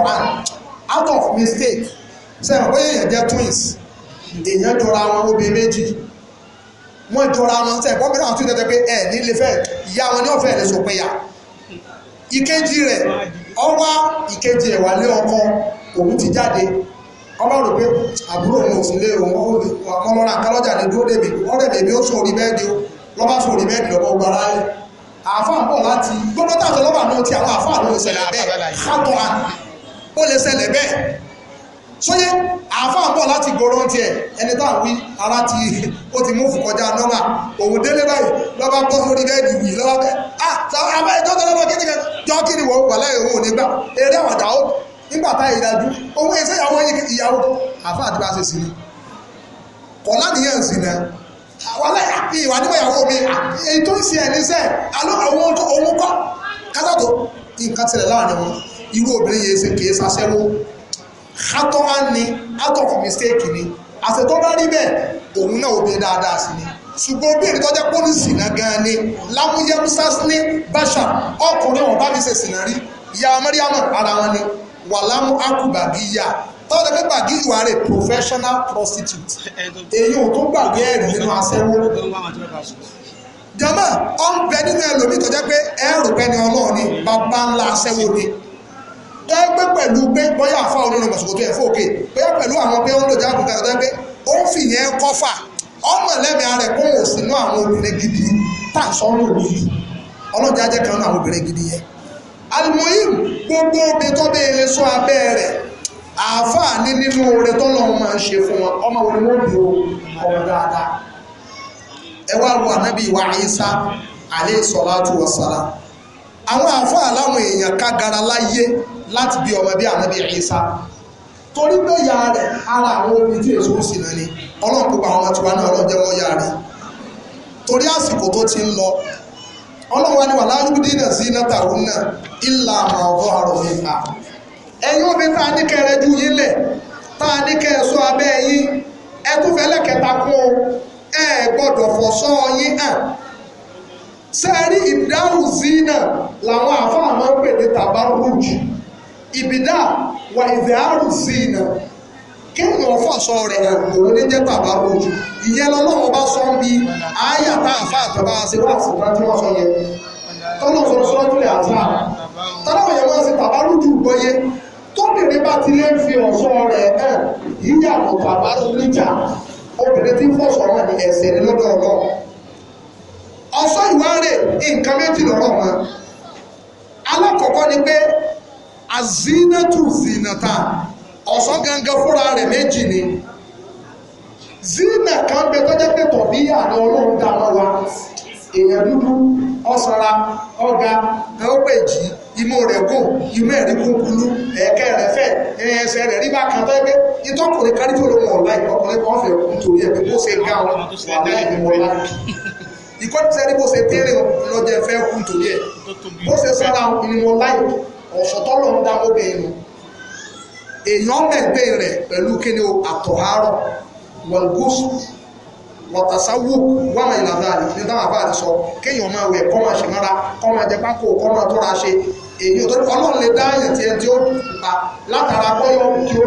out of mistake sẹ́wọ̀n pé èèyàn jẹ́ twins èèyàn jọra wọn obìnrin méjì wọ́n jọra wọn sẹ́wọ̀n pọ́nbí náà tún tẹ́tẹ́ pé ẹ̀ nílé fẹ́ ìyá wọn ní ọ̀fẹ́ rẹ̀ sọ̀pẹ̀yà ìkejì rẹ̀ ọwá ìkejì ẹ̀ wà lé ọkọ òun ti jáde ọlọ́run pé àbúrò òun ò sí lé òun ọmọ lọ́ra kálọ́jà ní dúró dèbè ọ̀rẹ́ dèbè ó sórí bẹ́ẹ̀dì ó lọ́ba sórí bẹ́ẹ̀dì lọ́ba ọgbà ara rẹ̀ àáfàá ń bọ̀ láti gbọ́dọ̀ tàbí lọ́ba náà ti àwọn àáfàá ló ń ṣẹlẹ̀ bẹ́ẹ̀ fátọ́ a ó lè ṣẹlẹ̀ bẹ́ẹ̀ sóyè àáfàá ń bọ̀ láti gbòòrò tiẹ̀ ẹni tá à ń wí ara ti ó ti múfù kọjá nọ́mà òun délé báyìí lọ́ba bọ́ sórí bẹ́ẹ̀dì wì lọ́ba bẹ́ẹ̀ ah àbẹ́ ìjọ́kẹ́ lọ́ba kí nígbà tá ìdájú owó iṣẹ́ ìyàwó ìyàwó àfa àti bá sí ni kọ̀ọ̀lá nìyẹn sì náà wàhálà ìwà nígbà ìyàwó mi èyí tó ń ṣe ẹ̀ níṣẹ́ aló òun kọ́ kátàtó nǹkan tilẹ̀ láàrin wọn irú obìnrin yẹn ṣe kìí ṣaṣẹ́wó kátọ́ á ní out of mistake ni àṣẹ bá rí bẹ́ẹ̀ òun náà obìnrin dáadáa sí ni ṣùgbọ́n obìnrin tó jẹ́ pólísì náà gan-an ni lámúyẹ́músásílẹ̀ báṣà ọkùnrin ọ̀bá mi ṣe sìnà rí ìyá mariamu ara wọn ni wàlámù akùbàgíyà tọ́lá pé gbàgíyù are professional prostitute èyí ò tó gbàgbé ẹ̀rí nínú aṣẹ́wó jama ọ ń bẹ nínú ẹlòmíì tó jẹ́ pé ẹrù pẹ́ ni ọlọ́ọ̀ ni bàbá ńlá aṣẹ́wó ni tọ́ pé pẹ̀lú pé bóyá àfa onírun mọ̀sọ̀kòtò ẹ̀fọ́ òkè bóyá pẹ̀lú àwọn pé ó ń lò jáàbù kan tọ́ pé ó ń fìyẹn kọ́fà ọmọ lẹ́mí ara kó wò sínú àwọn obìnrin gidi tá à ń sọ ọ́ lò ní ọlọ́jà jẹ́ kan náà àwọn obìnrin gidi yẹn alimoyim gbogbo obi tó bẹ́ẹ̀ sọ abẹ́ àáfàá ní nínú oore tọ́lọ̀ máa ń ṣe fún wọn ọmọ orí wọn bí o ọmọ dáadáa ẹ wá wo ànábì wa Ìsá alayhi salatu wassalam àwọn àáfàá láwọn èèyàn kágara láyé láti bí ọmọ bí torí ara àwọn omi tí èso sì náà ni náà ya ti ń ọlọ́wọ́ ni wà láyúbídí náà sí iná tààrùn náà ìlà àmà ọ̀gọ́ àrùn mi ha ẹ̀yin obìnrin tá a ní kẹrẹ ju yín lẹ̀ tá a ní kẹrẹ sọ abẹ́ yín ẹ tún fẹ́ lẹ́kẹta kún o ẹ gbọ́dọ̀ fọ̀ṣọ́ yín hàn sẹ́ẹ̀rí ìdáhùn zina làwọn àfáà máa ń pè ní tabarruj ìbídà wà ìdáhùn zina kéèyàn fàṣọ rẹ̀ òun ní jẹ́ bàbá ojú ìyẹn lọ́lọ́wọ́ bá sọ ń bi àáyà tá a fà àtàbà ṣe wà sí ìdájọ́ wọn sọ yẹn tọ́lọ́ sọ sọ́júlẹ̀ àzá tọ́lọ́ yẹn máa ṣe bàbá lójú gbọ́yé tóbìnrin bá ti lè fi ọ̀ṣọ́ rẹ̀ hàn yíyàwó bàbá níjà obìnrin tí ń fọ̀ṣọ́ wọn ní ẹ̀sẹ̀ ní lọ́dọ̀ ọlọ́run ọ̀ṣọ́ ìwárè nǹkan méjì lọ́rọ̀ mọ́ alákọ̀ọ́kọ́ ni pé àzínátù zínátà ọ̀sán gangan fúnra rẹ̀ méjì ni zina kan bẹ tó jẹ́ pé tọ̀bí àná ọlọ́run dá wọn wa èèyàn dúdú ọ̀sánra ọ̀gá ẹ̀ọ́pẹ̀jì imú rẹ̀ gùn imú ẹ̀rí kúkúlú ẹ̀ẹ́kẹ́ rẹ̀ fẹ̀ ẹ̀ẹ́sẹ̀ rẹ̀ rí bákan tó ẹgbẹ́ ìtọ́kùnrin kárífò ló wọn ọ̀la ìkọkùnrin kan fẹ̀ nítorí ẹ̀mí bó ṣe gá wọn wàhálà ẹ̀mí wọn lá ìkọ́ ti sẹ́rí bó ṣe péré lọ́jọ́ ẹ̀fẹ́ kú nítorí ẹ̀ bó ṣe sára ìmọ̀ láì ọ̀ṣọ̀tọ́ lọ́ọ́ dá mọ́bẹ̀ẹ́ èèyàn mẹ̀gbẹ́ rẹ̀ pẹ̀lú kíni o àtọ̀hárọ̀ wọ̀lgóṣù wọ̀tàsáwò wọ́n ìlà dáàlì ní táwọn àbáàdì sọ kéèyàn máa wẹ̀ kọ́ máa ṣe mọ́ra kọ́ máa jẹ pákó kọ́ máa tóra ṣe èyí ò tó ọlọ́run lè dáàyàn tiẹ̀ tí ó pa látara bọ́yọ̀ kí ó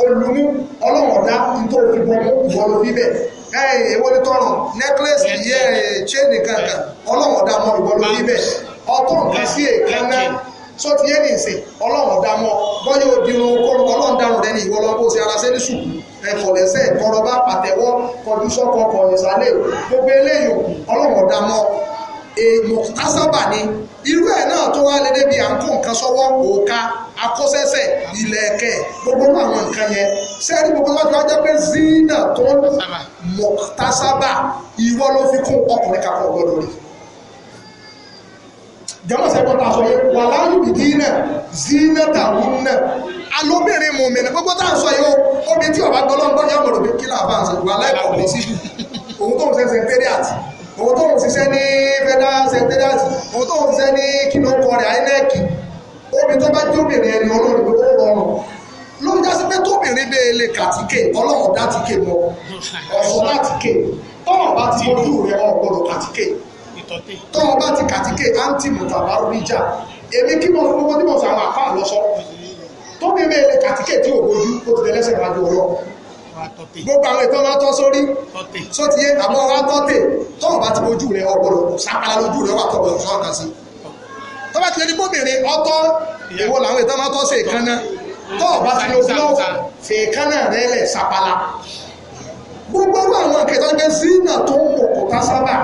olùmú ọlọ́wọ̀dá tó fi bọ́mú bọ́ọ̀lù bíbẹ̀ ìwọlé tọrọ necklace yẹ eh, chain kankan ọlọ́wọ̀dá mọ́ ìbọ́ọ̀lù bíbẹ̀ ọtọ́ nǹkan sí èèkan náà sọ ti yé nìsín ọlọ́wọ̀dá mọ́ bọ́yọ̀ òdiwọ̀n kọ́rọ̀ ọlọ́ọ̀dàrún rẹ̀ ní ìwọ́lọ́ bó ṣe ara ṣe ní ṣùkú ẹ̀kọ̀lẹ́sẹ̀ kọrọba pàtẹ́wọ́ kọjú sọ́kọ kọ̀ọ̀nìsálẹ̀ gbogbo eléyìí ọlọ́wọ̀dá mọ́ èèmọ̀ asábà ni irú ẹ̀ náà tó wá lédè bíi à ń kó nǹkan sọ́wọ́ òòka akọ́sẹ́sẹ̀ ìlẹ̀kẹ̀ gbogbo àwọn nǹkan yẹn sẹ́ẹ̀rí gbogbo láti wájá pé zina tó ń mọ̀tásábà ìwọ ló fi kún ọkùnrin kakọ̀ gbọdọ̀ rẹ̀ jọmọ sẹpọ ta sọ yẹ wàhálà olùbìdí náà zina tàwọn náà alóbìnrin mọ̀mí náà gbogbo tá à ń sọ yìí ó omi tí ọba gbọlọ́ngbọ́n yẹn mọ̀rọ̀ bí kílà àbáǹsẹ̀ wàhálà ìbàwọ̀ lè síbi òun tó ń sẹ́sẹ̀ ń tẹ́lẹ̀ àti òun tó ń ṣiṣẹ́ ní federal secretariat òun tó ń ṣiṣẹ́ ní kìlọ̀kọ̀ rẹ̀ inec omi tó bá jóbìnrin ẹni ọlọ́run ló rọrùn ló ń jásí pé tóbìnrin bẹ́ẹ̀ lè kàtíkè ọlọ́run dátìkè mọ́ ọ̀sán dátìkè tọ́wọ́ bá ti ojú rẹ̀ ọ̀gbọ́dọ̀ kàtíkè tọ́wọ́ bá ti kàtíkè áńtì mọ̀tàbá orí jà èmi kí mo fọwọ́ tí mo sọ àfáà lọ́sọ́ tóbìnrin bẹ́ẹ̀ lè kàtíkè tí ò gbogbo àwọn ìtàn máa tọ́ sórí só ti yé àmọ́ wa tọ́tẹ̀ tó o bá ti bojú rẹ ọgbọ̀rọ̀ sápàlà lójú rẹ wà tọ́gbọ̀rọ̀ sọ́ọ̀ kan sí tó bá ti lè ní bóbìnrin ọtọ́ ìwọ làwọn ìtàn máa tọ́ sí ìkànnà tó o bá ti lè ojú lọ́wọ́ fi ìkànnà rẹ lẹ̀ sápàlà gbogbo àwọn akẹta jẹ́ zina tó ń mọ̀ kọ́ta sábà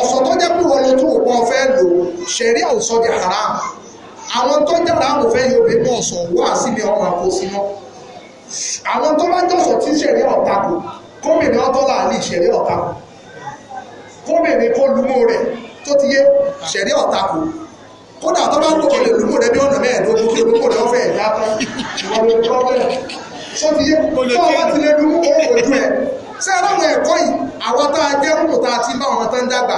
ọ̀sọ̀ tó jẹ́ pé wọ́n lọ tó wọ́n fẹ́ lò ṣẹ̀rí àwùsọ di haram àwọn tó jẹ́ haram fẹ́ yóò bí mọ̀ ọ̀sọ̀ wọ́n àsìlẹ̀ ọmọ àkóso náà àwọn tó bá jọ̀sọ̀ tí ṣẹ̀rí ọ̀tako gómìnà ọ̀tọ́là àlè ṣẹ̀rí ọ̀tako gómìnà kó lumú rẹ̀ tó ti yé ṣẹ̀rí ọ̀tako kódà tó bá ń lòkọ̀ lè lumú rẹ̀ bí ọ̀nà mẹ́ẹ̀ẹ́dógún kí lumú rẹ̀ ọ̀fẹ́ ẹ̀dá ìwọ̀n lè ti yé tó wá ti lè lumú ojú ẹ̀ ṣé aláwọn ẹ̀kọ́ yìí àwọn tá jẹ́ rúkù tá ti bá àwọn tó ń dàgbà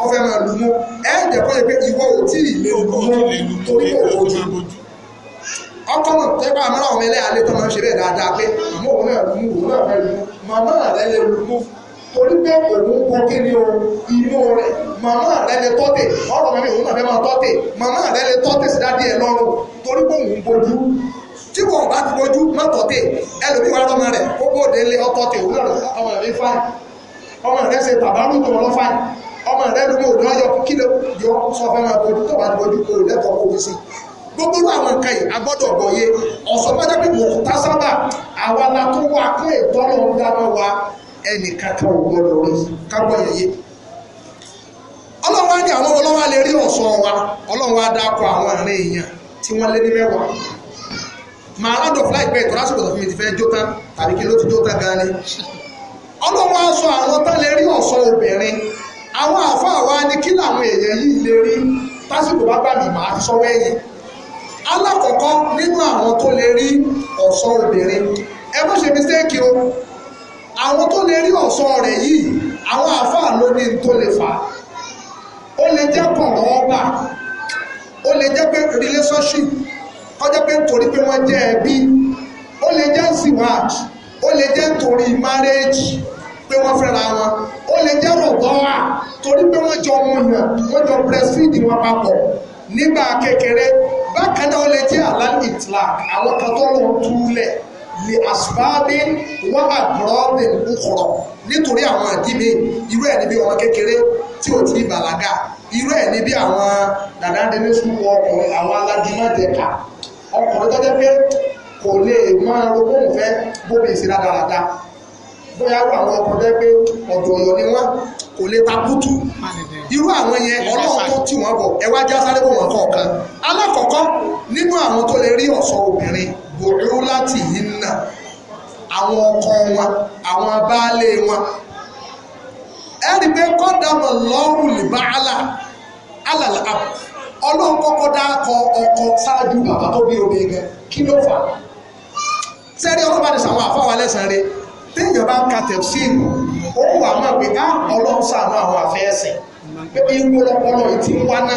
wọ́n fẹ́ máa lu mú ẹ jẹ́ kọ́ ẹ pé ìwọ ò tí ì lè lu mú torí òwò jù ọkọ mọ̀ tó bá àmọ́ àwọn ẹlẹ́yà lé tó máa ń ṣe bẹ́ẹ̀ dáadáa pé àmọ́ òun náà lu mú òun náà fẹ́ lu mú màmá rẹ̀ lè lu mú torí pé òun kọ kí ni o inú rẹ̀ màmá rẹ̀ lè tọ́tẹ̀ ọ̀rọ̀ mẹ́rin òun náà fẹ́ máa tọ́tẹ̀ màmá rẹ̀ lè tọ́tẹ̀ sí dádì ẹ̀ lọ́rùn torí pé òun bojú tí wọn bá ti bójú má tọ́tẹ̀ ẹlòmíì wà lọ́mọ rẹ̀ ó bóde lé ọtọ́tẹ̀ òun náà ọmọ rẹ̀ fáìn ọmọ rẹ̀ ṣe tàbárùtò ọlọ́fáìn ọmọ rẹ ló mú òní yọ sọ fẹ́ máa bójú tó wà ní bójú lẹ́tọ̀ọ́ kó sí gbogbo àwọn nǹkan yìí agbọ́dọ̀ gbọ́yé bá mọ̀ tá sábà àwa la tó wà kó ètò dáná wa ò rí kágbọ́ ọlọ́run á ní àwọn lè rí wa ọlọ́run á dákọ̀ àwọn èèyàn tí wọ́n lé ní mẹ́wàá màá àwọn àfáà wa ni kí làwọn èèyàn yìí lè rí tásìkò bá gbàmì mí sọ wẹ́yìn alákọ̀ọ́kọ́ nínú àwọn tó lè rí ọ̀ṣọ́ obìnrin ẹ má ṣe mistake o àwọn tó lè rí ọ̀ṣọ́ rẹ̀ yìí àwọn àfáà ló ní tó lè fà ó pé wọ́n fẹ́ra wọn ó lè jẹ́ rògbọ́wà torí pé wọ́n jọ mu yàn wọ́n jọ breastfeed wọn papọ̀ nígbà kékeré bákan náà ó lè jẹ́ alan itlak àwọn kan tó lọ túlẹ̀ lè asubáàbí wọ́n bá gbọ́ọ̀bì nkọ̀rọ̀ nítorí àwọn àdìmí irú ẹ̀ níbi ọmọ kékeré tí ò ti bàlágà irú ẹ̀ níbi àwọn dàdádẹ́ni sùpọ̀ ọkùnrin àwọn alájùmọ̀jẹ̀ka ọkùnrin tó jẹ́ pé kò lè máa ronú fẹ́ bóbi ìsira dáradára bóyá wà àwọn ọkọ̀ jẹ́ pé ọ̀dọ̀ọ̀lọ̀ ni wọ́n kò lè ta kútú irú àwọn yẹn ọlọ́run tó tì wọ́n bọ̀ ẹ wá já sáré bò wọ́n kọ̀ọ̀kan alákọ̀ọ́kọ́ nínú àwọn tó lè rí ọ̀ṣọ́ obìnrin bòrú láti yìí nà àwọn ọkọ wọn àwọn abáálé wọn ẹ rí i pé kọ́ńdàmọ̀ lọ́rùn lè bá àlà àlàlà àpò ọlọ́run kọ́kọ́ dákọ ọkọ ṣáájú bàbá tó bí obìnrin kí ló fà sẹ́rí ọlọ́pàá ti sàwọn àfáwà lẹ́sàn-án rẹ̀ téèyàn bá ń ka tẹ̀síìl ó wà máa pé á ọlọ́run sàánú àwọn àfẹ́ẹ̀sìn pé ìwọ lọpọlọ ìtì ń wáná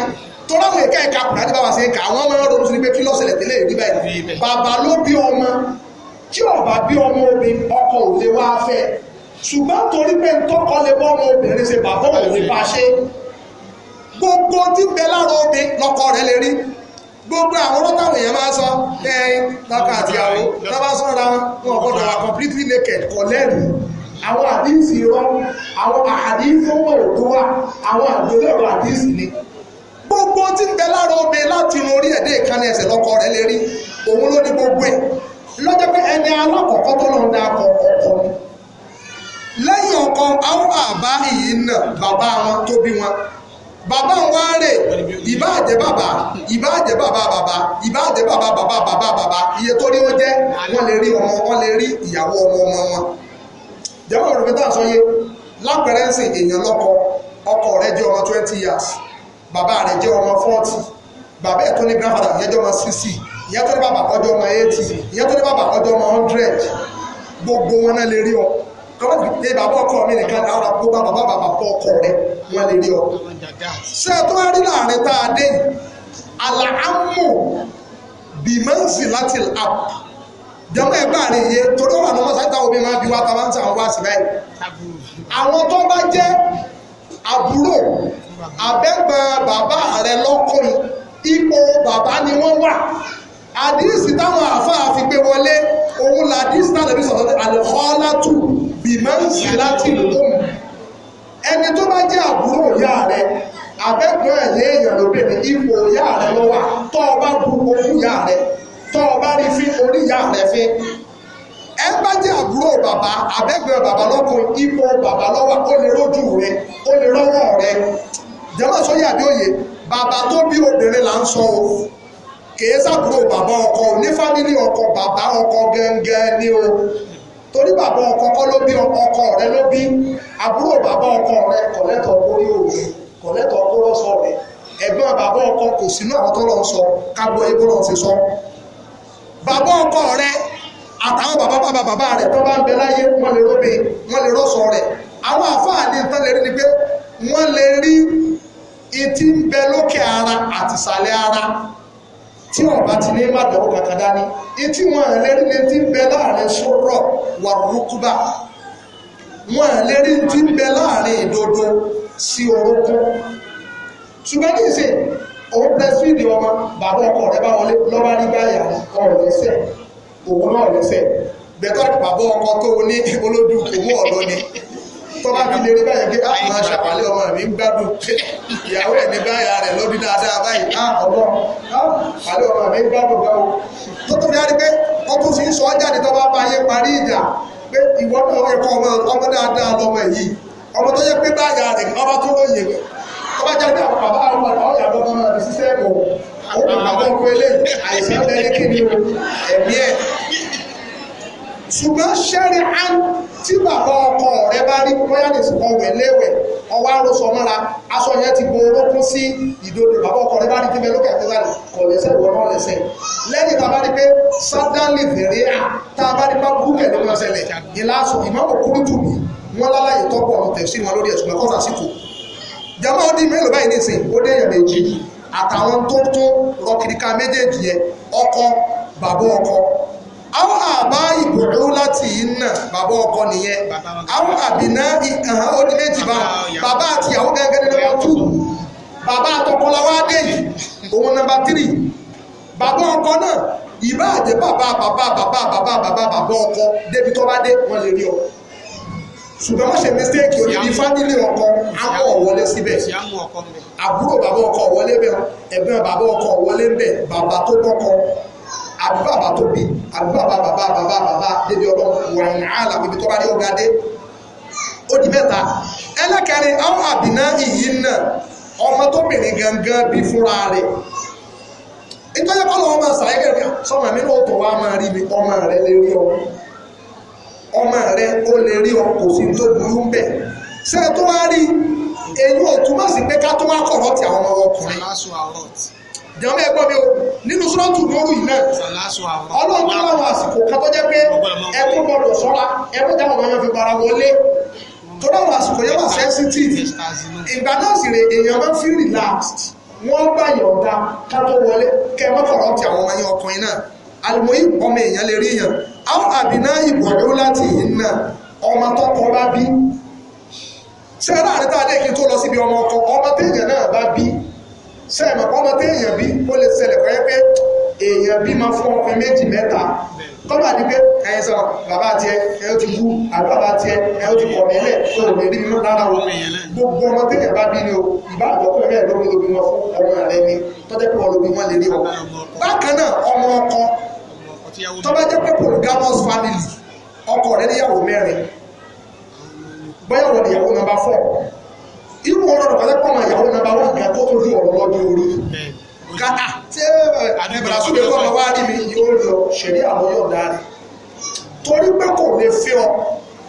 tọ́lá àwọn èké ẹ̀ka kùnà nípa wàṣẹ ẹ̀ka àwọn ọmọ ọdún ní pé kí lọ́sẹ̀lẹ̀ tẹ́lẹ̀ èdè báyìí bàbá ló bí ọmọ tí ọba bí ọmọ obìnrin ọkọ ò lè wá fẹ́ ṣùgbọ́n torí pé ntọ́kọ lè bọ́ ọmọ obìnrin ṣe bàbá òun ní bá gbogbo tí bẹ lára obìnrin lọkọ rẹ̀ lè rí gbogbo àwọn ọlọ́tàwọn èèyàn máa sọ ẹyin lọ́kọ àtìyàwó lọ́ba sọ́ra wọn ọ̀gbọ́dọ̀ wà completely naked kọ̀ lẹ́rù àwọn àdíìsì wọn àwọn àdíìsì wọn ò tó wà àwọn ni gbogbo ti ń bẹ lára obe láti inú orí ẹ̀dẹ́ ìkànnì lè rí òun ló ní gbogbo akọ ọkọ ọkọ àwọn àbá bàbá ń wáárè ìbá àjẹ́ bàbá ìbá àjẹ́ bàbá bàbá ìbá àjẹ́ bàbá bàbá bàbá bàbá iye tó rí wọn jẹ́ wọ́n lè rí ọmọ wọ́n lè rí ìyàwó ọmọ ọmọ wọn. jẹ́wọ́n rẹ̀ fẹ́tà sọ yé lápẹ̀rẹ́ ń sìn èèyàn lọ́kọ ọkọ rẹ̀ jẹ́ ọmọ twenty years bàbá rẹ̀ jẹ́ ọmọ forty bàbá ẹ̀ tó ní grandfather ìyẹn jẹ́ ọmọ sixty ìyẹn tó ní bàbá kọjọ́ ọmọ eighty ìyẹn tó ní bàbá kọjọ́ ọmọ hundred gbogbo wọn náà lè rí ọ kọ́mọ́ ti tẹ bàbá ọkọ mi nìkan ara tó bá bàbá bàbá pọ̀ ọkọ rẹ wọ́n lè rí ọ. ṣé ẹ tó wá rí láàrin tá a dé yìí àlàámù bìmọ́ǹsì láti àpò jẹ́mọ́ ẹ̀ bá rí iye torí ọ̀rọ̀ àwọn sáyẹ́tà omi máa bí wá ta máa ń sàn wá sí báyìí. àwọn tó bá jẹ́ àbúrò abẹ́gbẹ́ bàbá rẹ lọ́kùnrin ipò bàbá ni wọ́n wà àdìsí táwọn àáfàá fi gbé wọlé òun làdìsí táwọn ẹbí sọ̀rọ̀ àlùkò ọ̀làtù bìmọ́nsì láti lòun ẹni tó bá jẹ́ àbúrò ìyá rẹ abẹ́gbọ́n ẹ̀yẹ èèyàn lóbìnrin ipò ìyá rẹ ló wà tọ́ ọ bá bu okú ìyá rẹ tọ́ ọ bá rí fi orí ìyá rẹ fi ẹ bá jẹ́ àbúrò bàbá abẹ́gbọ́n bàbá lọ́kùn ipò bàbá lọ́wà ó lè rójú rẹ ó lè rọ́wọ́ rẹ jẹ́wọ́n sọ́yà bí òye bàbá tó bí obìnrin là ń sọ o kèé sàbúrò bàbá ọkọ ní fámìlì ọkọ bàbá ọkọ gẹ́gẹ́ ní o torí bàbá ọkọ kọ́ ló bí ọkọ rẹ ló bí àbúrò bàbá ọkọ rẹ kọ̀lẹ́tọ̀ kórí òru kọ̀lẹ́tọ̀ kóró sọ rẹ ẹ̀gbọ́n bàbá ọkọ kò sínú àwọn tó lọ sọ kábọ̀ ebó lọ sí sọ bàbá ọkọ rẹ àtàwọn bàbá bàbá bàbá rẹ tó bá ń bẹ láyé wọn lè róbe wọn lè rọsọ rẹ àwọn àfáàní tán lè rí ni pé wọn lè rí etí ń bẹ lókè ara àtìsàlẹ̀ ara tí wọn bá ti ní màdàwọ kankan dání etí wọn lérí ní ti ń bẹ láàrin sọ̀rọ̀ wà rúkúbà wọn lérí ní ti ń bẹ láàrin ìdodo sí orúkún ṣùgbọ́n ní ìsìn òun pẹ́sìdì ọmọ bàbá ọkọ rẹ bá wọlé lọ́ba ní báyà ọ̀rọ̀ lẹ́sẹ̀ òun náà lẹ́sẹ̀ bẹ́tọ̀ bàbá ọkọ tó ní olódùkú owó ọ̀dọ́ ni tọ́ba fi lè rí báyìí pé àwọn ah, máa ṣàpàlẹ̀ ọmọ mi ń gbádùn ìyàwó ẹ̀ ní báyà rẹ̀ lọ́dún dáadáa báyìí á ah, ọ̀rọ̀ ah, àpàlẹ̀ ọmọ mi ń gbádùn báwo. tó tún fi dárí pé wọ́n tún fi ń sọ jáde tọ́ba bá yé parí ìjà pé ìwọ náà ẹ̀kọ́ ọmọ ọmọ dáadáa lọ́mọ yìí ọmọ tó yẹ pé báyà rẹ̀ ọba tó lóye tọ́ba jáde àwọn bàbá àwọn ọ̀yàbọ̀ ọmọ mi ṣiṣẹ́ ẹ̀kọ́ àwọn bá rí bóyá lè sùn ọwẹ̀ léwẹ̀ ọwọ́ àròsọ mọ́ra aṣọ yẹn ti bo orókún sí ìdodo bàbá ọkọ rẹ bá rí kíbẹ̀ lókè àti sáré kọ̀ lẹ́sẹ̀ wọ náà lẹ́sẹ̀ lẹ́yìn tá a bá rí pé sádánlì fèrè à tá a bá rí bá burú pẹ̀lú wọn ṣẹlẹ̀ ìlàsùn ìmọ̀kò kúrú jù mí wọn lálàyé tọ́pọ̀ ọ̀rọ̀ tẹ̀sí wọn lórí ẹ̀sùn mẹ́kọ́sà síkò jama ó mélòó báyìí nìsín ó dé èèyàn méjì àtàwọn tó tó rọkìríkà méjèèjì yẹn ọkọ bàbá ọkọ àwọn àbá ìbòrò láti iná bàbá ọkọ nìyẹn àwọn àbìná ìhàn ó ní méjì bá bàbá àti ìyàwó gẹ́gẹ́ ní nọ́mbà tù bàbá àtọkọláwá dé yìí òun nọ́mbà tírì bàbá ọkọ náà ìbá àjẹ bàbá bàbá bàbá bàbá bàbá bàbá ọkọ débi tó bá dé wọn lè rí ọ ṣùgbọ́n wọ́n ṣe mistake òdìdí fámìlì ọkọ akọ ọ̀wọ́lé síbẹ̀ àbúrò bàbá ọkọ ọ̀wọ́lé bẹ̀ ẹ̀gbọ́n bàbá ọkọ ọ̀wọ́lé bẹ̀ bàbá tó bọ́kọ àbí bàbá tó bí àbí bàbá bàbá bàbá bàbá débi ọlọ́run wọ̀n àlà bíbi tó bá dé ọ̀gá dé ó di mẹ́ta ẹlẹ́kẹrin àwọn àbìná ìyí náà ọmọ tóbìnrin gangan bí fúnra rẹ̀ nítorí kọ́ lọ́wọ́ máa ṣàyẹ̀kẹ́ rẹ̀ sọ́mọ mi náà tó wá máa rí mi ọmọ rẹ̀ lè rí ọ ọmọ rẹ̀ ó lè rí ọ kò sí tó burú ń bẹ̀ ṣé tó wá rí èyí ò túmọ̀ sí pé ká tó wá kọ̀rọ̀ ti àwọn ọmọ ọkùnrin jàmbá ẹgbọ́n mi o nínú sọ́ọ̀tù lóru yìí náà ọlọ́run tó láwọn àsìkò kan tó jẹ́ pé ẹkún gbọdọ̀ sọ́ra ẹkún táwọn ọmọ yẹn fi bara wọlé tó láwọn àsìkò yẹn wà sensitive ìgbà náà sì rè èèyàn máa ń fi relaxed wọ́n gbà yọ̀ọ̀da ká tó wọlé kẹ́ ẹ má kọ̀rọ̀ ti àwọn ọmọ yẹn ọkùnrin náà àlùmọ́yì ọmọ èèyàn lè rí yàn àwọn àbínà ìbọ̀dọ̀ láti yìí náà ọmọ tọkọ bá bí sẹ́rà àrẹ́tà adé kí tó lọ síbi ọmọ ọkọ ọmọ téèyàn náà bá bí ṣe é mọ̀kọ́ ọmọ tí èèyàn bí ó lè ṣẹlẹ̀ kọ́ yẹ pé èèyàn bí máa fún ọkùnrin méjì mẹ́ta kọ́mà ní pé ẹ̀yìn sọ bàbá tiẹ̀ ẹ̀ ó ti kú àbí bàbá tiẹ̀ ẹ̀ ó ti pọ̀ mílẹ̀ tó ò lè rí mímú lára wọn gbogbo ọmọ tí èèyàn bá bí ni o ìbá àjọkùnrin rẹ̀ lómi lómi wọn fún ọmọ rẹ̀ ni tọ́jẹ́ pé ọlọ́bí wọn lè rí ọ bákan náà ọmọ ọkọ tó bá jẹ́ pé polygamous family ọkọ rẹ̀ níyàwó mẹ́rin bóyá wọn níyàwó irú ọ̀rọ̀ rẹ̀ pàtẹ́pọ̀ ọmọ ìyàwó nàbà wọn nǹkan tó tó di ọ̀rọ̀ lọ́dún orí kàtà eh, tí ìbàlá súnmọ́ ẹ̀kọ́ ọmọ wá rí mi yóò lọ ṣẹ̀rí àwọn yọ̀ọ̀dá rẹ̀ torí pé kò lè fi ọ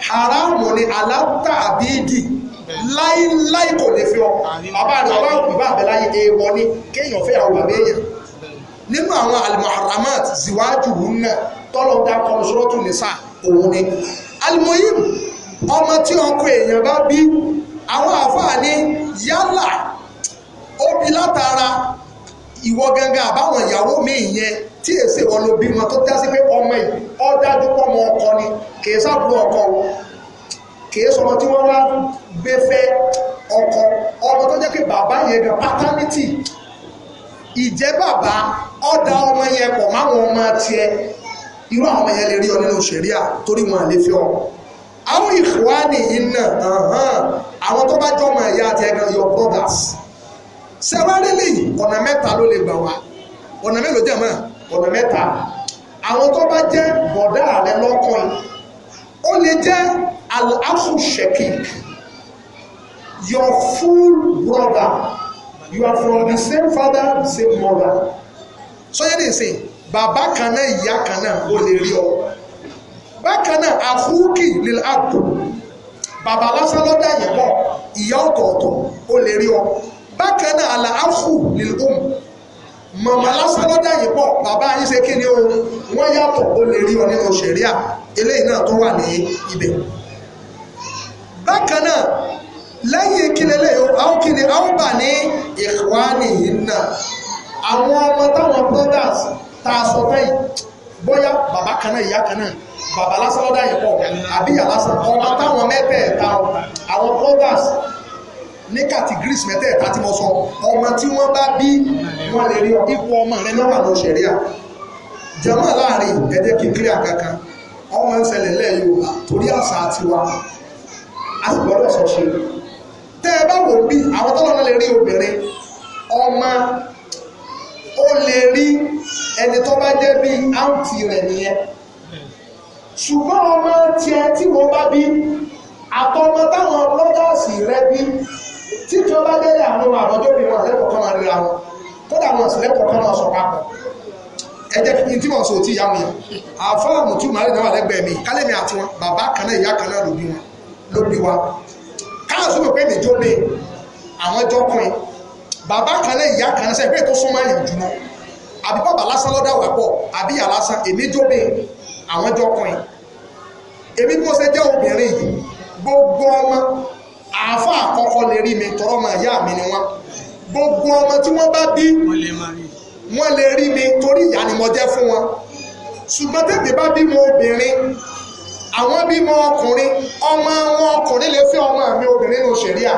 haramu ni aláwùtà àbídì láíláí kò lè fi ọ bàbá rẹ̀ ọba òbíbá àbẹ̀láyé èèwọ̀ ni kéèyàn fẹ́ àwọn bàbá èèyàn nínú àwọn alimuharamat ziwájú hùnà tọ́lọ̀ dá kọ́ńsọ́rọ́tù nìsa òun ni alimoyim ọmọ tí ọkọ àwọn àáfàá ní yálà ó bí látara ìwọ gangan àbáwọn ìyàwó mi yẹn tí èsì ìwọ ló bímọ tó já sí pé ọmọ yìí ọ dájú pọmọ ọkọ ni kìí sábúrò ọkọ o kìí sọmọ tí wọn wá gbé fẹ́ ọkọ ọmọ tó jẹ́ pé bàbá yẹn gan pátánítì ìjẹ́ bàbá ọ̀dà ọmọ yẹn pọ̀ máwọn ọmọ tiẹ̀ irú àwọn ọmọ yẹn lè rí ọ nínú ṣẹ̀ríà torí wọn lè fi ọ àwọn ìfúwánì yìí àwọn tó bá jọmọ ẹ̀yà àti ẹ̀gàn your brothers ṣẹwárí lèyí ọ̀nà mẹ́ta ló lè gbà wá ọ̀nà mélòó jẹ́ mọ́ ọ̀nà mẹ́ta àwọn tó bá jẹ́ bọ̀dá rẹ lọ́kọ̀ ó lè jẹ́ al-akhu your full brother you are from the same father same mother sọ́yẹ́ nìsín bàbá kan náà ìyá kan náà ó lè rí ọ bákan náà àkúkì lil abdu bàbá lásán lọ́dà yẹn bọ̀ ìyá ọ̀tọ̀ọ̀tọ̀ ó lè rí ọ bákan náà àlà áfù lil um màmá lásán lọ́dà yẹn bọ̀ bàbá yín ṣe kí ni o wọ́n yàtọ̀ ó lè rí ọ nínú ṣẹ̀ríà eléyìí náà tó wà ní ibẹ̀ bákan náà lẹ́yìn kílélẹ̀ àwọn kíni àwọn bà ní ìwádìí yìí náà àwọn ọmọ táwọn brothers tá a sọ fẹ́yìn bóyá bàbá kan náà ìyá kan náà bàbá lásán lọ́dà yẹn pọ̀ àbíyà lásán ọmọ táwọn mẹ́tẹ̀ẹ̀ta àwọn brothers ní categories mẹ́tẹ̀ẹ̀ta tí mo sọ ọmọ tí wọ́n bá bí wọ́n lè rí ipò ọmọ rẹ lọ́wọ́ àwọn òṣèré à jẹ́mọ́ láàrin ẹ̀jẹ̀ kí n kílẹ̀ ọmọ ń ṣẹlẹ̀ lẹ́ Yorùbá torí àṣà tiwa a sì gbọ́dọ̀ sọ ṣe tẹ́ ẹ bá wò bí àwọn tọ́lọ́ náà lè rí obìnrin ọmọ ó lè rí ẹni tó bá jẹ́ bí áùtì rẹ̀ nìyẹn ṣùgbọ́n ọmọ tiẹ̀ tí wọ́n bá bí àtọmọ táwọn lọ́dọ̀ọ̀sì rẹ bí tíjọba délé àwọn àbọ̀jọ́ bí wọn lẹ́kọ̀ọ́ kan máa ríra wọn kódà wọn sì lẹ́kọ̀ọ́ kan máa sọ papọ̀ ẹ jẹ́ kí n tí mọ̀ sọ ti ìyá mi àfọ́ọ̀mù tí màálì náà wà lẹ́gbẹ̀ẹ́ mi kálẹ̀ mi àti wọn bàbá kan náà ìyá kan náà ló bí wọn ló bí wa káàsù pé mi jó lé àwọn jọkùnrin bàbá kan náà ìyá kan náà sẹ́yìn pé tó súnmọ́ ẹ̀yìn jùlọ àbí bàbá lásán lọ́dà wà pọ̀ àbí ìyá lásán èmi jó lé àwọn jọ kàn yìí èmi bó ṣe jẹ́ obìnrin yìí gbogbo ọmọ àáfà àkọ́kọ́ lè rí mi tọrọ mà ìyá mi ni wọ́n gbogbo ọmọ tí wọ́n bá bí wọ́n lè rí mi torí ìyá ni mo jẹ́ fún wọn ṣùgbọ́n tètè bá bímọ obìnrin àwọn bímọ ọkùnrin ọmọ wọn ọkùnrin lè fẹ́ ọmọ mi obìnrin ní òṣèré à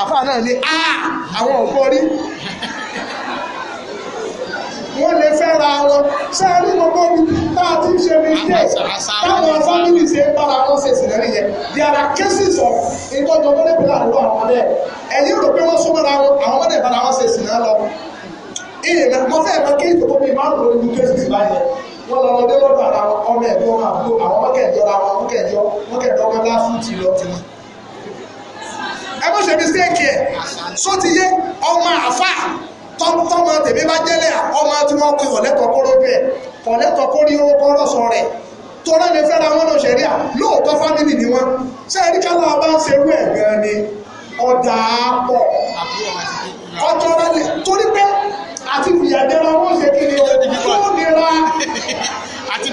àfà náà ni àwọn ò gbọ́ rí wọ́n lè fẹ́ra wọn ṣé gbogbo ibi tá a ti ń ṣe ní ilé táwọn fámìlì ṣe ń wọn ṣe sílẹ̀ nìyẹn there are cases of ìtọ́jọ́ tó lè pè láàrin àwọn ọmọdé ẹ̀yìn rò pé wọ́n súnmọ́ra wọn àwọn ọmọdé bára wọn ṣe sílẹ̀ lọ. ìyẹn mo fẹ́ mọ kí ìtòkó mi máa ń lò nínú cases báyẹn wọ́n lọ lọ́dẹ́ lọ́dọ̀ ara wọn ọmọ ẹ̀ tó máa bú àwọn mọ́kẹ̀jọ́ ra wọn ẹ̀ só ti yé ọmọ àfà tọ́mọ tèmi bá jẹ́lẹ̀ à kọ̀lẹ́tọ̀ kó rí owó kọ́rọ̀ sọ rẹ̀ tó rẹ́ lè fẹ́ra wọn náà ṣẹ̀rí à lóòótọ́ fámìlì ni wọ́n ṣé ẹni kálá bá ń ṣerú ẹ̀ gan ni ọ̀dà pọ̀ ọjọ́ rẹ̀ torí pé àti fìyàjẹ́ra wọn ṣe kí ni ó nira